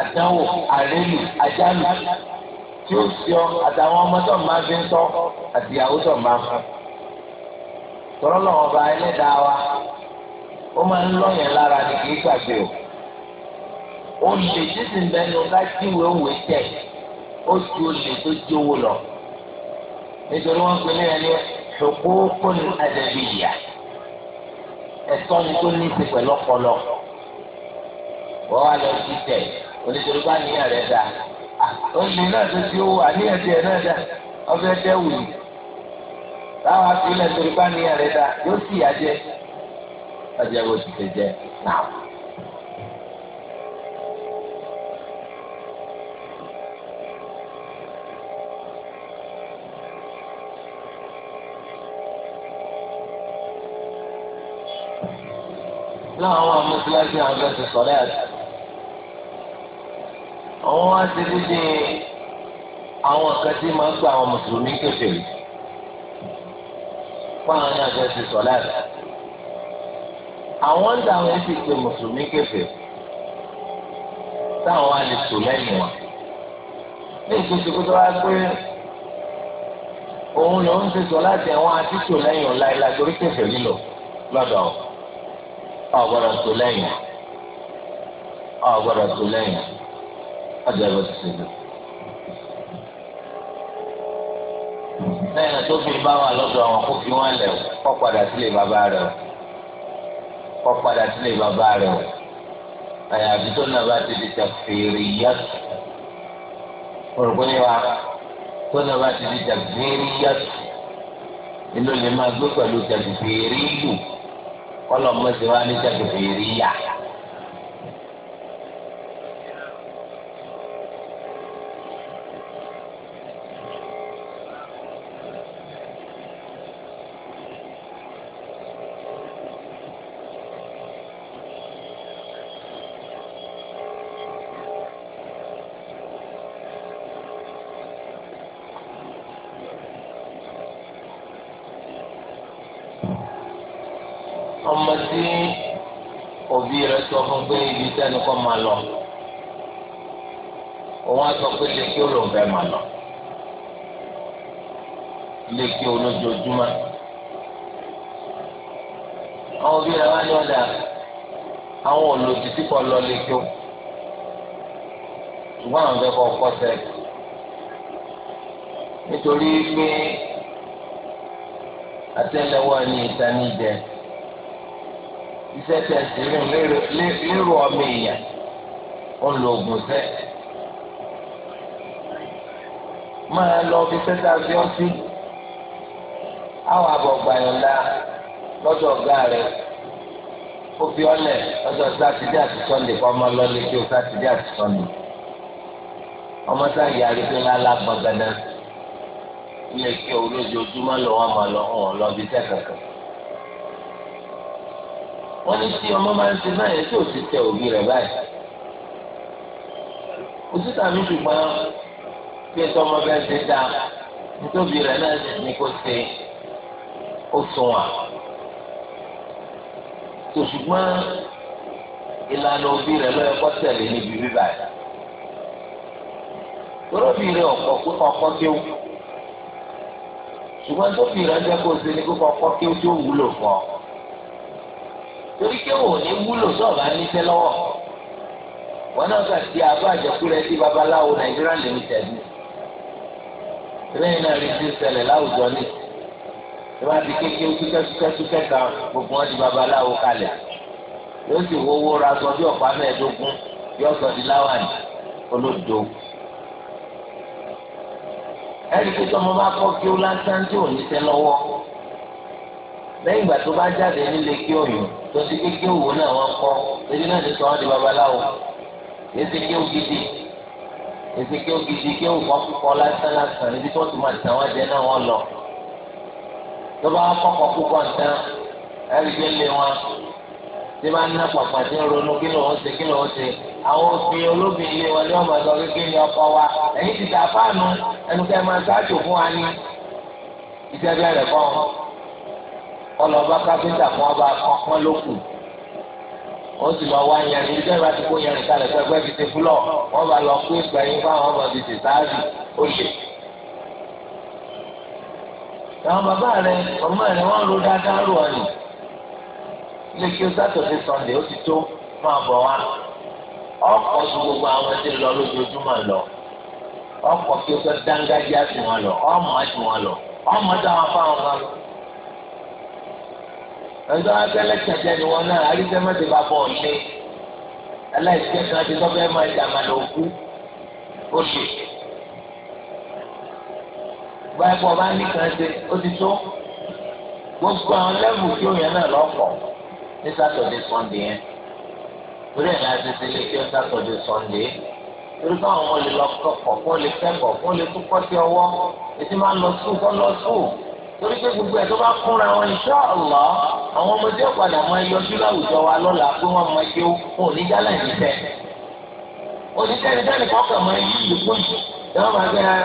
àdánwò àrélù àjálù tí ó sì ọ àtàwọn ọmọ tó máa fi ń tọ́ àtìyàwó tó máa fún tọ́lọ́ lọ́wọ́ wa ó máa ń lára ní gbàgbé o títí òwe ó olè tó lọ nítorí ní ẹni ẹ. huququl adabiyya ẹ̀tọ́ ni tó ní ti pẹ̀lú ọpọlọ wọ́n wá lọ sí tẹ̀ onítorí bá níyà rẹ̀ dá olè náà tó ti owó àníyàn tiẹ̀ náà dá ọbẹ̀ dẹ́wù táwọn afilẹ̀ torí bá níyà rẹ̀ dá yóò sì yà jẹ́ ọjọ́ bó ti ṣe láwọn àwọn mọ́sálásí àwọn ọ̀dọ́ ti sọ̀rọ̀ àti. àwọn wá ti rí ní àwọn kan tí máa ń gba àwọn mùsùlùmí kékeré fáwọn ní àjọ ti sọ̀rọ̀ àti. àwọn ń dà wọ́n sì pé mùsùlùmí kékeré táwọn á lè tò lẹ́yìn wọn. ní ìtòsí kó tó wá pé òun lòún ti sọ láti àwọn àtìtò lẹ́yìn ọ̀la ìlà torí kékeré lílọ lọ́dọ̀ ọ̀hún ọ̀gbọ́dọ̀ tó lẹ́yìn ọ̀gbọ́dọ̀ tó lẹ́yìn ọjọ́ ìbò ti ṣe lò. lẹ́yìn tó fi bá wà lọ́dọ̀ àwọn kó fi wọ́n lẹ̀ kọ́ padà sílé bàbá rẹ̀ kọ́ padà sílé bàbá rẹ̀ àyàfi tó nàbà ti di tàfèrè yàtọ̀ olùkọ́ni wa tó nàbà ti di tàfèrè yàtọ̀ inú lè máa gbé pẹ̀lú tàfèrè yù kọlọ mọsẹ wa ní jẹgẹdẹ rí yá. táwọn fẹ́ kọ́ kọ́sẹ́ nítorí pé àtẹ́lẹwọ́ ni ìtanijẹ iṣẹ́ tẹ̀sí lérò ọmọ èèyàn ó lo oògùn sẹ́ máa lọ bí sẹ́ta fi ọ́ sí àwọn àbọ̀gbà yọ̀ǹda lọ́dọ̀ ọ̀gá rẹ̀ ó fi ọ́ lẹ̀ lọ́dọ̀ sátidé àti sọ́ndé kọ́ ọmọ lọ́lé kí o sátidé àti sọ́ndé ọmọ sáà yàrá pé lálá gbọ̀n gánà ilé kí olójoojúmọ́ lọ wọn máa lọ hàn lọ bí sẹ́kàkàn. wọ́n ní tí ọmọ máa ń ṣe báyìí tí ò ti tẹ òbí rẹ̀ báyìí. òtítà mi ṣùgbọ́n bí ẹ̀tọ́ ọmọ bẹ́ẹ̀ ṣe dáa nítòbí rẹ̀ náà ní kó ṣe ó sùn wà. tòṣùgbọ́n ìlànà òbí rẹ̀ lọ́yẹ̀kọ́ tẹ̀lé níbi bíbáyìí tóró fi rẹ ọkọ pé kọkọ kí ó ṣùgbọ́n tó fi rẹ jẹ́ kó ṣe ni pé kọkọ kí ó tó wúlò fún ọ torí pé òun ò ní wúlò sọ̀rọ̀ aníṣẹ́ lọ́wọ́ wọn náà gbà tí abá àjọkú rẹ sí babaláwo Nàìjíríà limited ní lẹ́yìn náà rí ti ṣẹlẹ̀ láwùjọ ní ìwà ti kékeré túkẹ́túkẹ́túkẹ́ kan gbogbo wọn di babaláwo kalẹ̀ yóò sì wọ́wọ́ ra sọ bí ọ̀pá mẹ́ẹ̀ẹ́dógún yóò sọ di láwàní olódo ẹni pé tọmọ bá kọ́ kí ó lásán tí ò ní tẹ́ lọ́wọ́ ìgbà tó bá jáde nílé kí òyìn tó ti ké kí òwò náà wọ́n kọ́ lójú náà ti sọ wọ́n di babaláwo èsì kí ó gidi èsì kí ó gidi kí òwò kọ́ kọ́ lásán lásán níbi tó ti máa tàn wọ́n jẹ náà wọ́n lọ tó bá kọ́kọ́ púpọ̀ nǹkan ẹni pé lé wọn tí bá ń ná pàpà tí ń ronú kí lòun ṣe kí lòun ṣe àwọn òfin olóbìnrin yìí wọn ní ọmọ ẹ̀dọ́ gbégbé ní ọkọ wa ẹ̀yin ti dà fáànù ẹnu kẹ́ máa ṣáàtò fún wa ní iṣẹ́ bẹ́ẹ̀ rẹ̀ kọ́ ọlọ́ba káfíńtà fún ọba kọ́kọ́ ló kù ó sì lọ wá yanni iṣẹ́ ìbá ti kó yanni kalẹ̀ pẹ́pẹ́ fi ti fúlọ̀ wọ́n bá lọ kó ìgbà yín fáwọn ọmọ ti ti sáàbì ó lè. àwọn bàbá rẹ ọmọ rẹ wọn ro dáadáa rò ọ nì ilé kí o sátọ̀dé sọ̀ndé ó ti tó máa bọ̀ wá ọkọ̀ ju gbogbo àwọn tí ń lọ lójoojúmọ́ lọ ọkọ̀ kí o fẹ́ dángájíá sí wọn lọ ọmọ sí wọn lọ ọmọ dáwọn fáwọn kan lọ. ẹ̀dọ́ akẹ́lẹ́ tẹ̀jẹ́ ni wọn náà àríṣẹ́ mẹ́tẹ́ bá bọ̀ ọ̀lẹ́ aláìsíkẹ́ kan ti sọ́fẹ́ máa dàgbà lọ kú ó lè. báyìí pọ̀ bá nìkan ṣe ó ti tó gbogbo àwọn lẹ́bù tí yẹn náà lọ́pọ̀ ní sátọ̀dé sọ́ndé yẹn torí ẹ̀ láti ṣe ilé ẹjọ́ sátọ̀dé sọ̀ndé torí káwọn ọmọ lè lọ kọ́kọ́ kó lè kẹ́kọ̀ọ́ kó lè tún kọ́ sí ọwọ́ ètí máa lọ sùn kọ́ lọ sùn torí pé gbogbo ẹ̀ tó bá kúnra wọn insha Allah àwọn ọmọdé ọ̀padà máa yọjú láwùjọ wa lọ́la pé wọ́n máa yẹ òun oníjàlá yìí tẹ́ oníjàlẹ́jàlẹ́ kọ́kọ́ máa yí ìlú yọọ máa gbé ẹ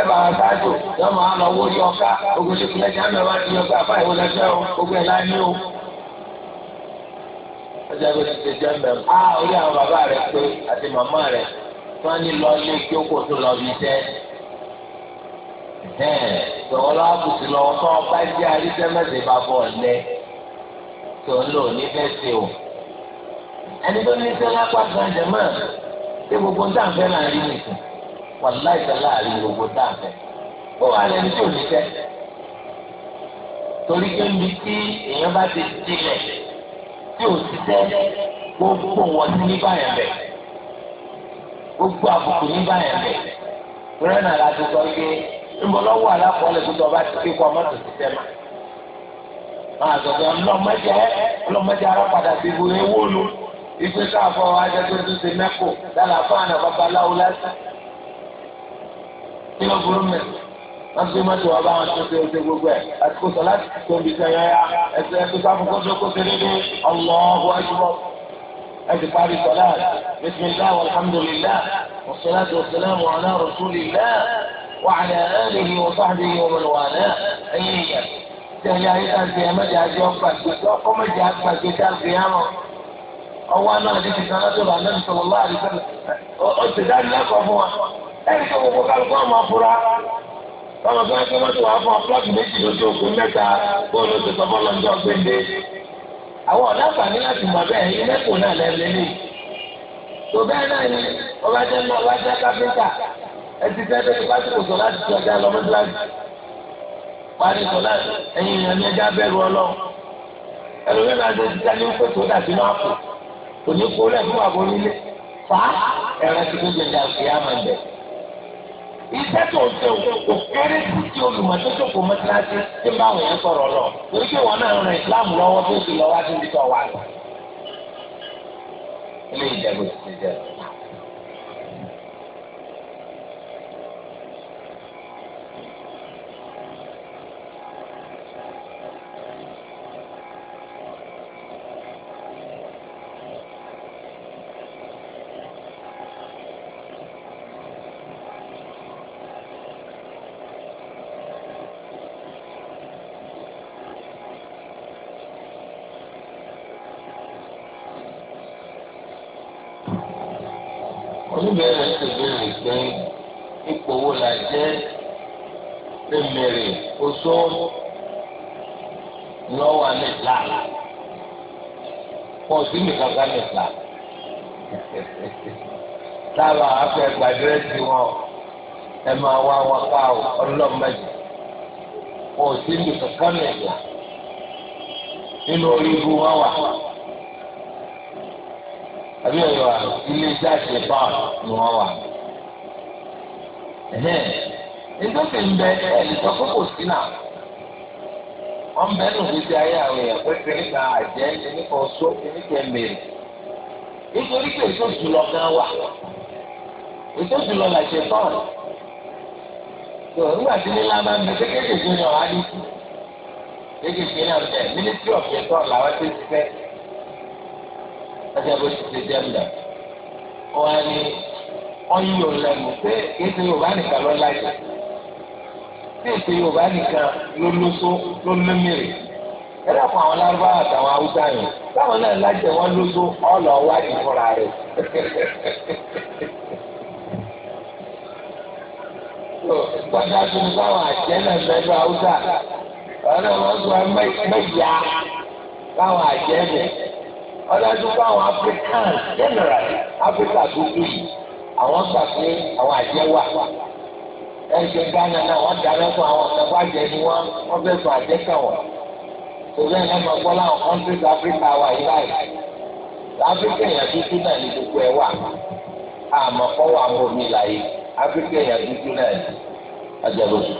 ẹ bàbá sáájú yọọ máa lọ wó yọká ogun ṣe kúlẹ̀ jáde máa ti yọká àbáyé wọlé fẹ́ o gbogbo ẹ̀ láyé o ọjọ́ bí ti ṣe jẹ́ mbẹ́ mu. a ah, orí àwọn bàbá rẹ pé àti màmá rẹ wọ́n ní lọ ilé kí ó kò tó lọ bí jẹ́. tọ̀wọ́ lọ́wọ́ kò sí lọ́wọ́ tó ọba jẹ́ àríṣẹ́ mẹ́sẹ̀ bá bọ̀ lẹ́ tó ń lò ní fẹ́sẹ̀ o. ẹni tó ní sẹ́ lápá gbàǹdẹ̀ mọ́ ṣé gbogbo dáǹfẹ́ náà rí nìkan wàláì sẹ́ láàrin gbogbo dáǹfẹ́ ó wà lẹ́ni tó ní sẹ́ torí pé níbi tí èèyàn bá ti dilẹ̀ tí ò sí tẹ́lẹ̀ gbogbo wọn sí ní báyẹn bẹ̀ gbogbo àbùkù ní báyẹn bẹ̀ rẹ́nà láti sọ pé ńbọ̀lọ́wọ́ alákọ̀ọ́lẹ̀ tó tọ́ bá ti kékọ́ mọ́tò sí tẹ́lẹ̀ máa sọ pé ọlọ́mọdé ọlọ́mọdé arápadà ti bu ewu lu ìgbé káfọ́ ajẹ́gbẹ́dún ti mẹ́kù dáná fáànà babaláwo lásán kí ló burú mẹ́sàn wọ́n fi mọ́tò wá bá wọn tó ṣe oṣù gbogbo ẹ̀ àsìkò sọ láti tó ibi sẹ́yìn ẹ̀yà ẹ̀sẹ̀ ẹ̀sẹ̀ sáfù kóso kóso dédé ọlọ́hu ẹ̀dùbọ̀ ẹ̀sẹ̀ parí sọ̀lá bisimilá alhamdulilá wasalaatu wasalaamu ala rasulilá wa ala alihi wa sahbihi wa man wala ẹ̀yìn ìyẹn sẹ́yìn ayé kan ti ẹ̀ mẹ́jẹ̀ ajé ọgbà gbèsè ọkọ̀ mẹ́jẹ̀ àgbà gbèsè àgbéyàmọ ọwọ́ náà ti ti sanadó lọ alẹ́ nìsọ̀rọ̀ lọ́wọ́ àdìsẹ́ wọ́n lọ sọ́yìn pé wọ́n ti wà fún ọ̀pọ̀lọpọ̀ méjì lójú òkú mẹ́ta bóòlù ti sọ fọ́lọ́ ọjọ́ gbèndé. àwọn ọ̀dà fàní láti mọ̀ bẹ́ẹ̀ ilé kò náà lẹ́lẹ́ lè. tó bẹ́ẹ̀ náà ni ọba jẹ́ náà ọba jẹ́ káfíńtà ẹtì tẹ́tẹ́ ti pásítọ̀ sọ láti tún ọjà lọ mọ́tíláàdì. parí sọ láti ẹ̀yìn ìyẹn ní ẹja bẹ̀rù ọlọ́run. ẹlòmíràn àti iṣẹ́ tó ń ṣe kò kéré sí ti olùmọ̀tótó kò mọ́tíláṣí tí ń bá àwọn èèyàn sọ̀rọ̀ lọ torí pé wọn náà ràn Islam lọ́wọ́ tó ti lọ́wọ́ á ti ń bí wa ilé ìjẹ̀bù ti ti jẹ̀bù. sí nìkan sáré ìgbà sábà afẹ gbàdúrẹ́sì wọn ẹ máa wá wọn ká o ọlọ́mọdé wọn ò sí nìkan sáré ìgbà nínú orígun wọn wà àbí ọ̀yọ́ ilé iṣẹ́ àṣepá ni wọ́n wà nígbà tí ń bẹ ẹ̀ lè kò sí náà wọn bẹ nù gbèsè ayé àwọn èèyàn pé kìnìún kan àjẹ kìnìún kan só kìnìún kan mèrè nítorí pé èso jùlọ gan wà èso jùlọ là ṣe tán tó nígbà tí nílá máa ń bẹ kékeré tó ní ọ̀hán dínkù kékeré náà bẹ ministry of ẹ̀tọ́ làwọn ti ti fẹ́ ẹsẹ̀ bó ti ti jẹ́ mbẹ́ wọn ni wọn yí òun lẹ́nu pé kéde Yorùbá nìkan ló láyé tí èsì yorùbá nìkan ló lóso ló lómìnirì ẹ̀rọ fún àwọn lárúbáwá àtàwọn haúsá yìí báwọn náà lájẹ wọn lóso ọlọ wádìí fúnra rẹ̀ gbọ́dọ̀ tún báwọn àjẹ́ náà mẹ́lú haúsá ọ̀nà wọn sọ mẹ́yà báwọn àjẹ́ bẹ̀ ọlọ́dún báwọn african general africa gbogbo yìí àwọn gbà pé àwọn àjẹ́ wà. wọ́n ṣe gbáná na wọ́n dáná fún àwọn ọ̀sẹ̀kọ́ àjẹ́ ni wọ́n wọ́n fẹ́ fún àjẹ́ kàn wọ́n. Tòlẹ́ máa láwọn Africa wà yí báyìí. Áfíríkà èèyàn dúdú náà ní gbogbo ẹ̀ wà. Àmọ́ kọ́ wà ń bomi láyé. Áfíríkà èèyàn dúdú náà ní àjọ̀dọ̀ náà, ti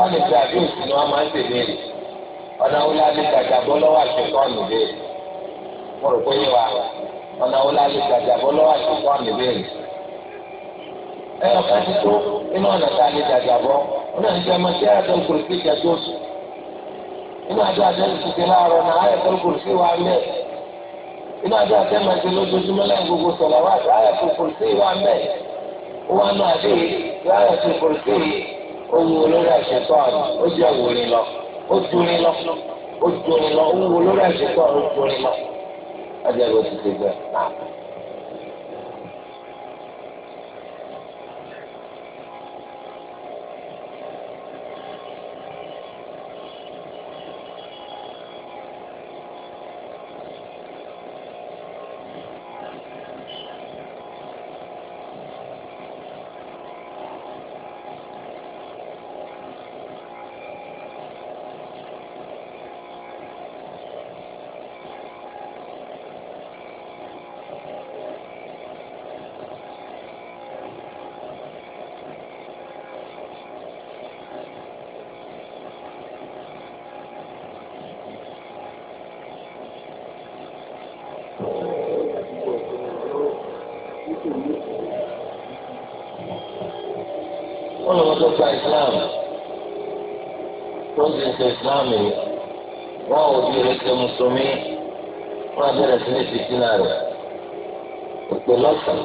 òsì ni máa ń Ọ̀nà ẹyọ kan ti tó nínú ọ̀nà tá a lè dàgbà bọ́ wọn náà ní kí ẹ máa ṣe àjọ òkúrò sí ìjà tó sùn nínú láàárọ̀ náà àyẹ̀kọ́ òkúrò sí wa mẹ́ nínú àjọ àjọ ìmọ̀ṣẹ́ lójoojúmọ́ lẹ́yìn gbogbo sọ̀rọ̀ wá mẹ́ owó olórí ó jẹ́ lọ ó lọ ó ló gba islam tó ń sèso islam yìí wọn ò bí ẹsẹ mùsùlùmí wọn abẹ́rẹ́ sí ní fìtínà rẹ̀ òpè lọ́sàn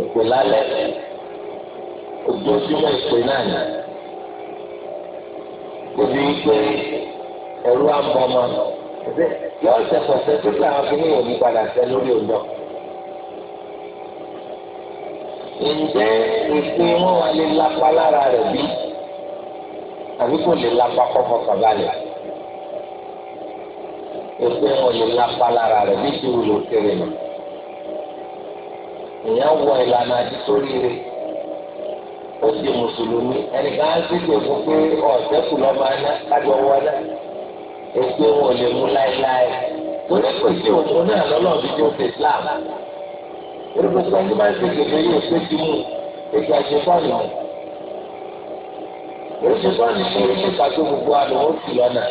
òpè lálẹ́ ojoojúmọ́ ìpè náà ni gbogbo ìpè ẹ̀rú àbọ̀mọ́ yọ ọ̀sẹ̀ pọ̀sẹ̀ tó kí àwọn akíní yòó padà sẹ́ lórí òjò. ǹjẹ́ èpè wọn wà lè lapa lára rẹ̀ bí àbí kò lè lapa kọ́kọ́ kàbálẹ̀ èpè wọn lè lapa lára rẹ̀ bí ti wúlò kéré nù èèyàn wọ ìlànà àti sórí rẹ̀ ó di mùsùlùmí ẹnìkan á sì pè fún pé ọ̀sẹ̀ kù lọ́ máa ná kájọ wọ náà èpè wọn lè mú láéláé torí pé tí òun náà lọ́lọ́ọ̀bí tó fi Islam orí gbogbo ẹni máa ń ṣe gbèsè yóò mú ìgbà ṣetán lọ. Èyí ṣetán ni ṣe é nípa tó gbogbo àlọ́ ó sì lọ́nà.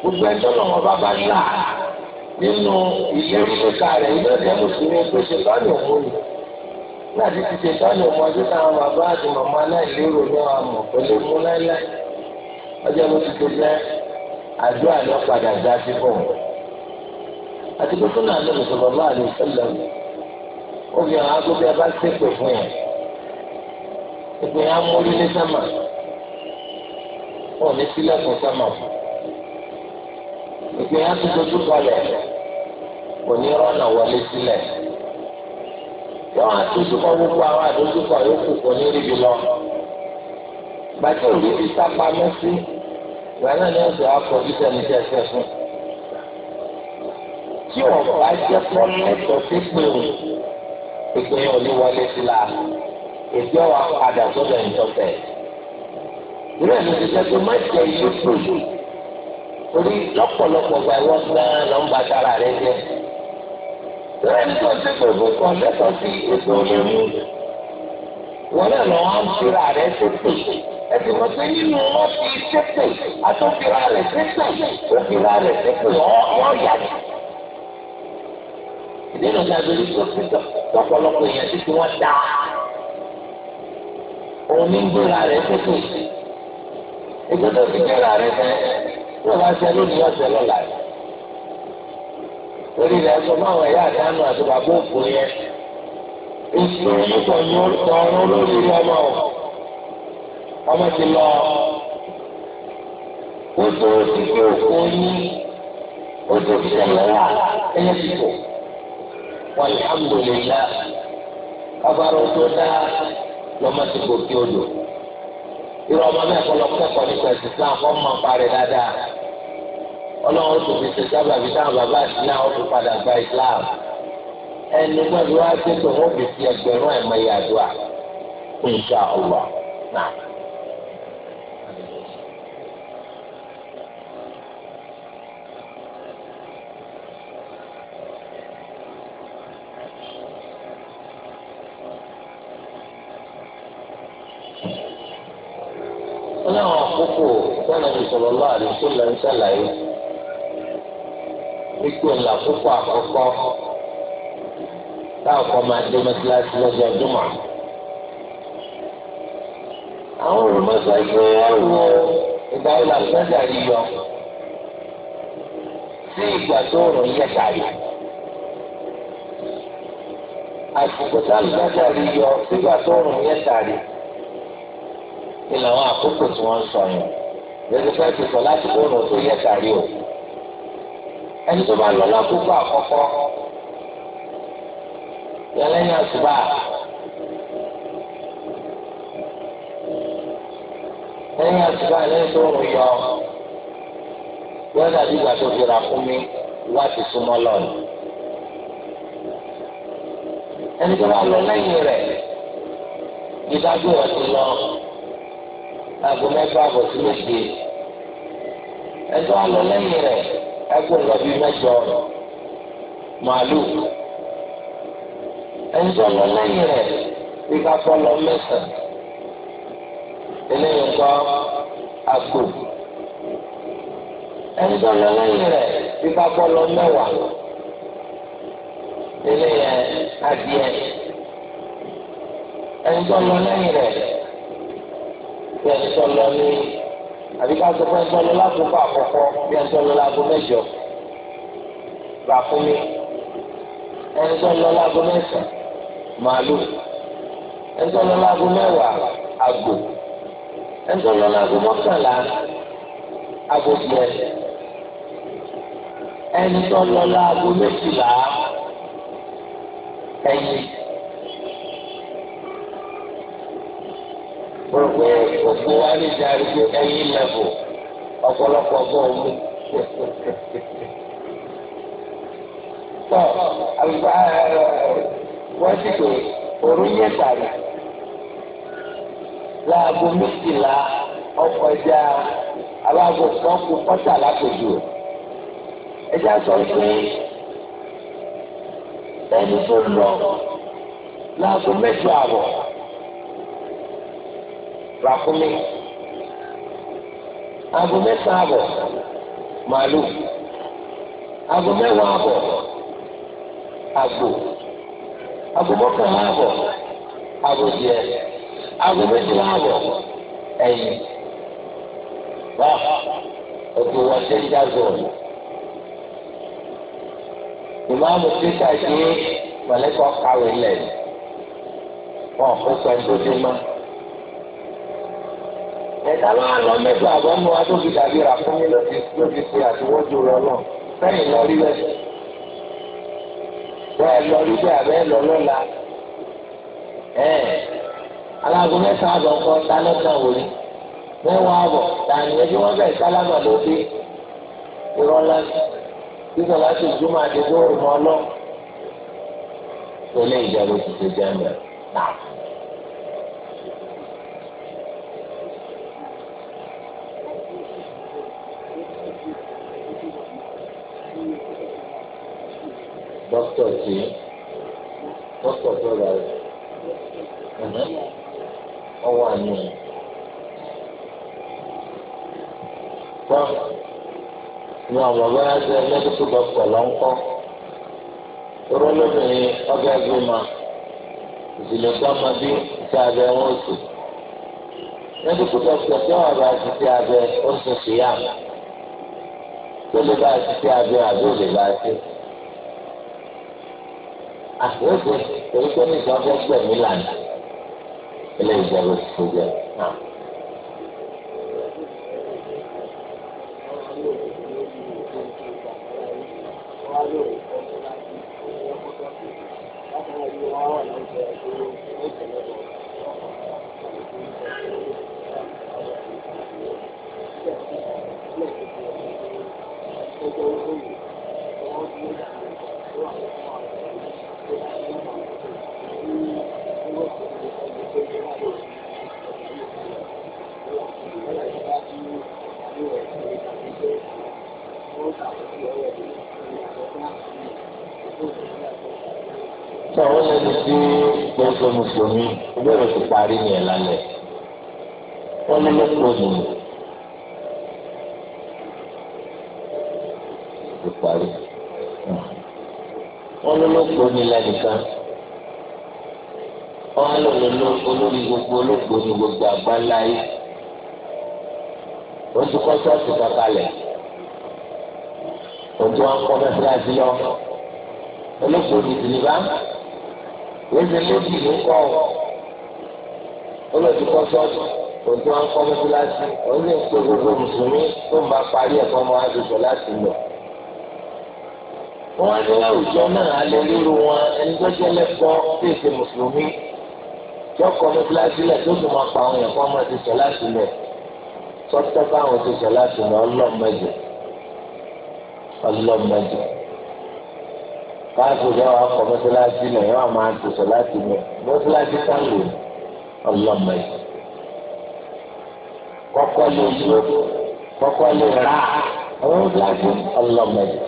Gbogbo ẹjọ́ náà wọn bá bá là nínú ìlérí nípa rẹ̀ ilé ìjẹ́ mùsùlùmí pé ṣetán ni òun ni. Láti ti ṣetán ni òun ọdún táwọn bàbá àti màmá aláìlérò ní àwọn àmọ̀ kò lè mú láíláí. Ọjọ́ mo ti ti jẹ́ àdúrà lọ padà já sí fún un. Àti pé fún àlọ́ ìṣòro bá àlè sẹ́lẹ̀ ó fi hàn ágbó bí ṣépè fún yẹn gbogbo yẹn amórí ní sámà wọn ní sílẹ̀kùn sámà gbogbo yẹn atudojú kọlẹ̀ kò ní rọ́nà wọlé sílẹ̀ yọ̀ọ́ àtúntúkọ gbogbo àwọn àdójúkọ yòókù kò ní ríbi lọ gbàtí òbí ti sápa mẹ́sí ìgbà náà ni ọ̀sẹ̀ akọ títẹ̀ ní ti ẹsẹ̀ fún tí wọn jẹ́ pọ́n sí pé òun ìpínyẹ̀ ò wọlé sí la èsì ọ̀wà padà sọ́dọ̀ ìtọ́tẹ̀. Ìrú ẹ̀mí ti sẹ́kù má jẹ iye pòlù. Torí lọ́pọ̀lọpọ̀ gba ìwọ gan-an lọ ń ba tara rẹ jẹ. Ìrú ẹ̀mí tó ti pèbò kan lẹ́tọ̀ọ́ sí ètò olómi. Wọ́n náà lọ wá ń fira rẹ ṣépè. Ẹ ti mọ̀ pé nínú wọn fi ṣépè àtúnfira rẹ̀ ṣépè. Òfira rẹ̀ ṣépè wọ́n yà jù nínú ìdájọ́ yìí tó ti tọ́pọ̀lọpọ̀ èèyàn títí wọ́n dáa. òun ní gbéra rẹ̀ tètè ètò tó fi gbéra o bá ṣe lónìí ọ̀sẹ̀ lọ́la torí sọ fún àwọn ẹ̀yà àdánù àti bàbá òkú yẹn ní orúkọ ọ̀run lórí ọmọ ọmọ ti lọ o tó ti gbé òkú yín tó ti lọ́mọ ti gòkè odò irú ọmọ náà kọ́ lọ kẹ́kọ̀ọ́ nípa ẹ̀sìn Islam kọ́ mọ̀ parí dáadáa ọlọ́run tó fi ṣe sábà fi dáhùn bàbá padà gba Islam ẹni náà wá dé tó wọn fi fi ẹgbẹ̀rún ìyàdùà wọn láwọn àkókò sọ́nà ìṣòro lọ́wọ́ àdínkù lọ ń ṣàlàyé wípé ńlá àkókò àkọ́kọ́ táwọn kan máa dé mọ́tíláṣí lọ́jọ́ ọdúnmọ̀. àwọn olùmọ̀sọ̀ ìgbé ẹ̀wọ̀ ìgbà wo làkúndà yíyọ sí ìgbà tó rọ̀ yẹ kàyà. àsìkò táwọn ìgbà tó rọ̀ sí ìgbà tó rọ̀ yẹ kàyà làwọn àkókò tí wọ́n ń sọ yẹn lẹ́nu fẹ́ ti sọ láti bóònù tó yẹ sàrí o ẹni tó bá lọ lákòókò àkọ́kọ́ yẹn lẹ́yìn àsùbà lẹ́yìn àsùbà lẹ́yìn tó rùn yọ wọ́n dàbí ìgbà tó fi ra fún mi wá ti súnmọ́ lọ́nà ẹni tó bá lọ lẹ́yìn rẹ̀ ìdájọ́ ẹ̀ ti lọ aago mẹ́fà àbọ̀ sí méje ẹjọ́ àlọ́ lẹ́yìn rẹ̀ ẹgbẹ́ lọ bí mẹ́jọ màálù ẹjọ́ lọ lẹ́yìn rẹ̀ bí kápọ́ lọ mẹ́sàn-án eléyìí kọ́ àgbò ẹjọ́ lọ lẹ́yìn rẹ̀ bí kápọ́ lọ mẹ́wàá eléyìí adìẹ ẹjọ́ lọ lẹ́yìn rẹ̀ bí ẹni tó lọ ní àbí ká sọ fún ẹni tó lọ lákòókò àkọ́kọ́ bí ẹni tó lọ láago mẹ́jọ gbà fún mi ẹni tó lọ láago mẹ́sàn màálù ẹni tó lọ láago mẹ́wàá àgbò ẹni tó lọ láago mọ́kànlá àgbò tiẹ̀ ẹni tó lọ láago méjìlá ẹyin. gbogbo gbogbo wa lè jẹ àdúgbò ẹyin lẹ́bù ọ̀pọ̀lọpọ̀ bọ́ọ̀ mú. tọ́ àgbà wọ́n ti pè òru yẹn tàbí láago méjìlá ọkọjá aláàbò kan kú kọ́tà lápòjù ẹ̀já sọ pé ẹni tó lọ láago mẹ́jọ àbọ̀ ràkúnmí aago mẹ́ta àbọ̀ màálù aago mẹ́wàá àbọ̀ àgbò aago mọ́kànlá àbọ̀ àbòdìẹ aago méjìlá àbọ̀ ẹ̀yìn bá òkè wọ́n ṣe ń já zọ̀ọ̀nù ìmáàmù pété àti mọ̀lẹ́kọ̀ọ́ kàwé lẹ̀ wọ́n kó sọ ẹ̀dọ́dé máa ẹ̀dá lọ́wọ́ lọ mẹ́jọ àbọ̀ mú wa tó fi dàbí rà fún mi ló fi ṣe àtiwọ́jú rẹ lọ sẹ́yìn lọ rí bẹ́ẹ̀ bẹ́ẹ̀ lọ rí bẹ́ẹ̀ abẹ́ lọ lọ́la ẹ̀ alágo mẹ́ta àbọ̀ kọ́ ta lọ́tàn wòlé mẹ́wàá àbọ̀ tàní ẹbí wọ́n bẹ̀ sálámà ló dé ìrọ̀lá títọ̀ láti ìjùmọ̀ àdéhùn ọ̀rùn ọlọ́ tó lé ìjọba ti ṣe jẹ́ mẹ́rin. sí wọ́n pọ̀ tó ra rẹ̀ ọwọ́ àánú rẹ̀. Wọ́n ní àwọn ọ̀gá ẹgbẹ́ mẹ́tíkù dọ́kítọ̀ lọ́nkọ́. Orólóbìnrin ọgbà Zuma ìdílé gbọ́mọdé ti abẹ wọn oṣù. Mẹ́tíkù dọ́kítọ̀ tí wọ́n bá ti ti abẹ oṣù sí yàrá. Tó lè bá ti ti abẹ àbí ò lè bá ti àgbọ̀gbọ̀ torí nígbà gbọ́gbọ̀ mi lànà ìjọba ti tó náà. mùsùlùmí ìbéèrè ti parí ní ẹ̀ lálẹ́ wọ́n ní lẹ́kọ̀ọ́dù ni ti parí wọ́n ní lẹ́kọ̀ọ́dù lẹ́nìkan wọ́n lò ló olórí gbogbo olóògbé ní gbogbo àgbáńlá yìí wọ́n ti kọ́ sọ́ọ̀tù kankalẹ̀ òtún wọn kọ́ mẹ́fúlá sí lọ olóògbé ní tìlíbá wíṣẹ méjì ló kọ́ ọ olóòtú kọ́ sọ́ọ̀tù òtún wọn kọ́ mọ́tò láti òun lè kó gbogbo mùsùlùmí tó ń bá parí ẹ̀kọ́ ọmọ àdùsọ láti lọ. wọn ní àwùjọ náà alẹ́ lílu wọn ẹni tó jẹ́ lẹ́kọ́ fèsì mùsùlùmí tó kọ́ mọ́tò láti lẹ̀ tó tún máa pa àwọn ẹ̀kọ́ ọmọ àdùsọ láti lẹ̀ sọ́tọ́ báwọn àdùsọ láti lọ ọlọ́mọdé ọlọ́mọdé káàtó bá wà kọ́ mọ́sálásí náà yóò máa tòṣọ láti mọ̀ mọ́sálásí sáńgò ọlọ́mọ yìí. kọ́kọ́ lè yọ kọ́kọ́ lè ra àwọn mọ́sálásí ọlọ́mọ yìí.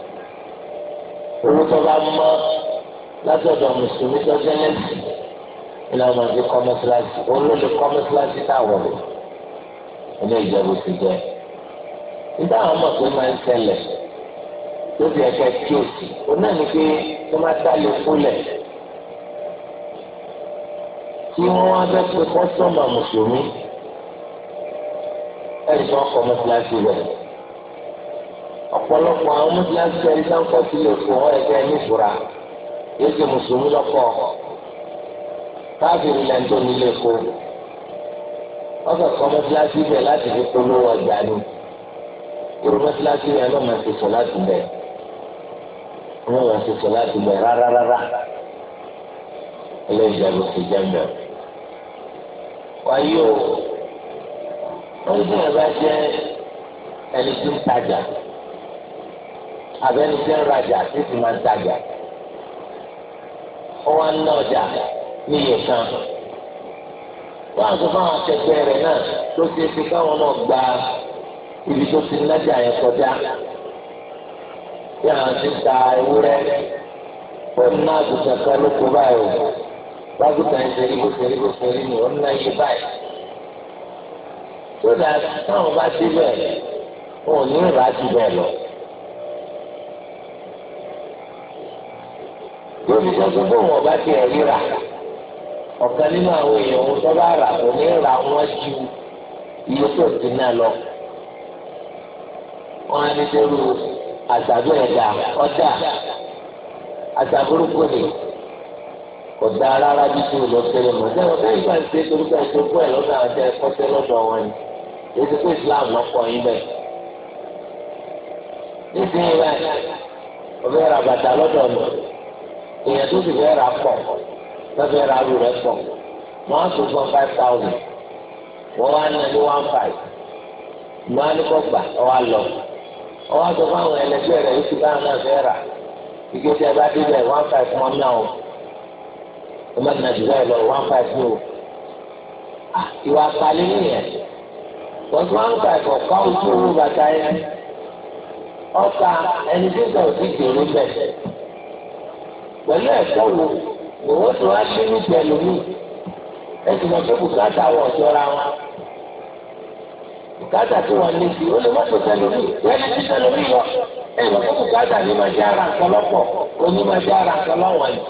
owó tó bá mọ́ látọ̀dọ̀ mùsùlùmí tó jẹ́lẹ́sì ilé ọmọ ti kọ́ mọ́sálásí olóde kọ́ mọ́sálásí táwọn rẹ̀ ilé ìjọba ti jẹ́. nígbà àwọn ọmọ tó máa ń ṣẹlẹ̀ tó fi o kíyèsí òun náà ni pé wọ́n máa dálé fúnlẹ̀ tí wọ́n wá bẹ́ pé kọ́sọ́mà mùsùlùmí ẹ̀rí kan kọ́ mọ́tíláṣí rẹ̀ ọ̀pọ̀lọpọ̀ àwọn mọ́tíláṣí ẹ̀rí kan kọ́ sílẹ̀ fún ọ ẹ̀kẹ́ nífura yóò ṣe mùsùlùmí lọ́kọ̀ káàkiri lẹ́ńtọ́ nílé kó wọ́n fẹ́ kọ́ mọ́tíláṣí rẹ̀ láti fi polówó ọjà ni irú mọ́tíláṣí rẹ̀ lọ́mọ ti sọ láti bẹ̀rẹ̀ ní wọn ṣe sọ láti bẹ rárá rárá ẹlẹ́yìn ìjọba ti jẹ́ mbẹ́. wáyé o wọ́n ní bíyẹn bá jẹ́ ẹni tí ń tajà abẹ́ni tí ń rajà tí sì máa ń tajà ó wá ń ná ọjà ní iye kan wọ́n á sọ akẹgbẹ́ rẹ̀ náà tó ṣeé ṣe káwọn náà gba ibi tó ti nájà yẹn kọjá tí a ti ta ewúrẹ́ pẹ̀lú náà àgùntàn kan ló kó báyìí o bágùntàn ìṣèlú kò ṣèlú kò ṣèlú ni ó ń ná iye báyìí. tó dáa táwọn bá débẹ̀ wọn ò ní ìrà jù bẹ́ẹ̀ lọ. lórí tuntun tó wọn bá tiẹ̀ ríra ọ̀kan nínú àwọn èèyàn ohun tó bá rà kò ní ra wọn ju iye tó ti ná lọ. wọ́n á ní dérú àṣàbí ẹ̀dá ọ̀dà àṣàbúrúkú ni kò dá rárá bí tí o lọ sílẹ̀ mọ́. Ṣé o fẹ́ ìgbà ṣe torí pé ẹ̀ṣọ́ fún ẹ̀ lọ́dọ̀ àwọn ẹ̀ṣẹ́ ẹ̀kọ́ṣẹ́ lọ́dọ̀ wọn ni? Èyí ti pé Islam lọ́kọ̀ yín bẹ́ẹ̀. Nísìnyí báyìí, o fẹ́ ra bàtà lọ́dọ̀ mi. Èèyàn tó sì fẹ́ ra pọ̀, lọ́fẹ́ ra arú rẹ̀ pọ̀. Wọ́n á tó fún five thousand. Wọ́n wá ní ẹni one five. Wọ́n á ní kọ́ gbà, ọ wá lọ ọwọ́ àti ọmọ àwọn ẹlẹgbẹ́ rẹ̀ yóò ti bá àwọn àfẹ́ rà igi tí a bá dé bẹ̀ one five one náà o ọmọ ìdìbò àti bẹ́ẹ̀ lọ one five o ìwà àpàlẹ́ nìyẹn wọ́n ti one five ọ̀ká ojú owó bàtà yẹn ọ̀ka ẹni tí ìgbà òsì kéré bẹ̀ pẹ̀lú ẹ̀kọ́ wo òwò tí wọ́n á ṣe níbi ẹlòmíì ẹ̀sìn mọ̀ pé bùkátà wọ̀ ọ̀ṣọ́ra wọn bùkátà tó wà níbi ó lè má tó sẹlómi wọ́n lè ti sẹlómi lọ ẹ̀ lọ fún bùkátà ní ma jẹ́ ara nǹkan lọ́pọ̀ ó ní ma jẹ́ ara nǹkan lọ́wọ́ ni.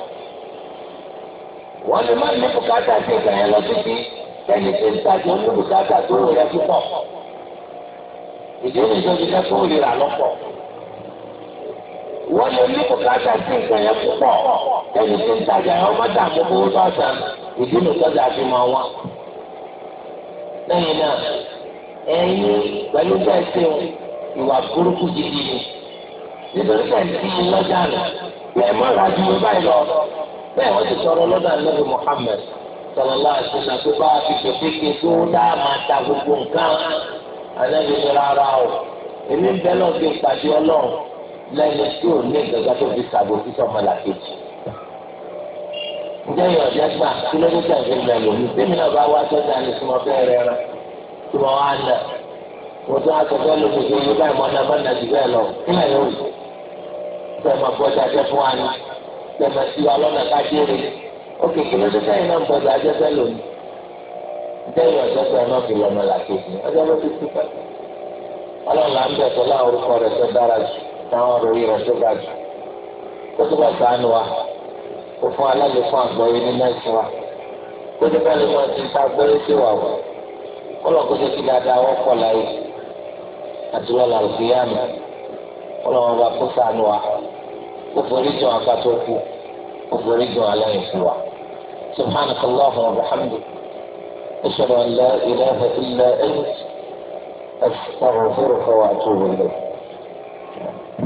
wọ́n lè má ní bùkátà tó gbà yẹn lọ títí ẹni tó ń tajà ní bùkátà tó rò yẹ púpọ̀. ìdí nìjọ ti dẹ́kun ó rira lọ́pọ̀. wọ́n lè ní bùkátà tó gbà yẹn púpọ̀ ẹni tó ń tajà yẹn ọmọ dààmú owó tó ọ̀sán ìdí nìjọ ti àfihàn wọn. lẹ́yìn náà ẹ̀yin pẹ̀lú bẹ́ẹ̀ ṣe o ìwà burúkú gidi ni nítorí bẹ́ẹ̀ ní ìlú lọ́jà rẹ̀ bẹ́ẹ̀ mọ́ ra ju báyìí lọ bẹ́ẹ̀ wọ́n ti sọ̀rọ̀ lọ́dà lẹ́bi Muhammad sọlọ́lá àti nàgbébá fi kékeré tó dá máa ta gbogbo nǹkan ànábi ní rárá o èmi ń bẹ́ náà fi pàdé ọlọ́run lẹ́yìn tí ò ní ìgbàgbọ́ tó fi sàbò sí sọ́mọlá kejì ǹjẹ́ ìyọ̀jẹ́ gbà kí ló dé tẹ̀sí ìgbà lòmí sẹ́mi náà bá wá sọ́jà ní sọ́mọ bẹ́ẹ̀ rẹ̀ tí wọ́n wá lẹ̀ mo tún àtẹ̀fẹ́ ló ti fi báyìí mọ́ na bọ́nà jù bẹ́ẹ̀ lọ kí lẹ́yìn òyìn tẹ̀ mọ̀ bọ́jà jẹ́ fún wa ni tẹ̀ mọ̀ sí wa lọ́nà kájéré ókè kí ló dé sẹ́yìn náà bọ́jà jẹ́ fẹ́ lónìí dẹ́yìn ọ̀jọ́ tó ẹ náà fi lọ́nà làkejì ọjọ́ ló ti kú pẹ̀lú ọlọ́run là ń bẹ̀ tó láwọn orúkọ rẹ̀ tó dára jù táwọn ròyìn rẹ̀ tó ga jù kó tó bá sànù wa kó fún alálẹ̀ fún àgbọ̀yé nínú ẹ̀sìn wa kó tó lè mọ̀ sí ta gbọ́yé sí wa wọ̀ kọlọ́kọ́ tó fi dáadáa wọ́pọ̀ láyé àti wọ́n là ń fi yánu kọlọ́wọ́n bá kó sànù wa kó forí jọ àgbà tó kù kó forí jọ aláìní fún wa. سبحانك اللهم وبحمدك أشهد أن لا إله إلا أنت أستغفرك وأتوب إليك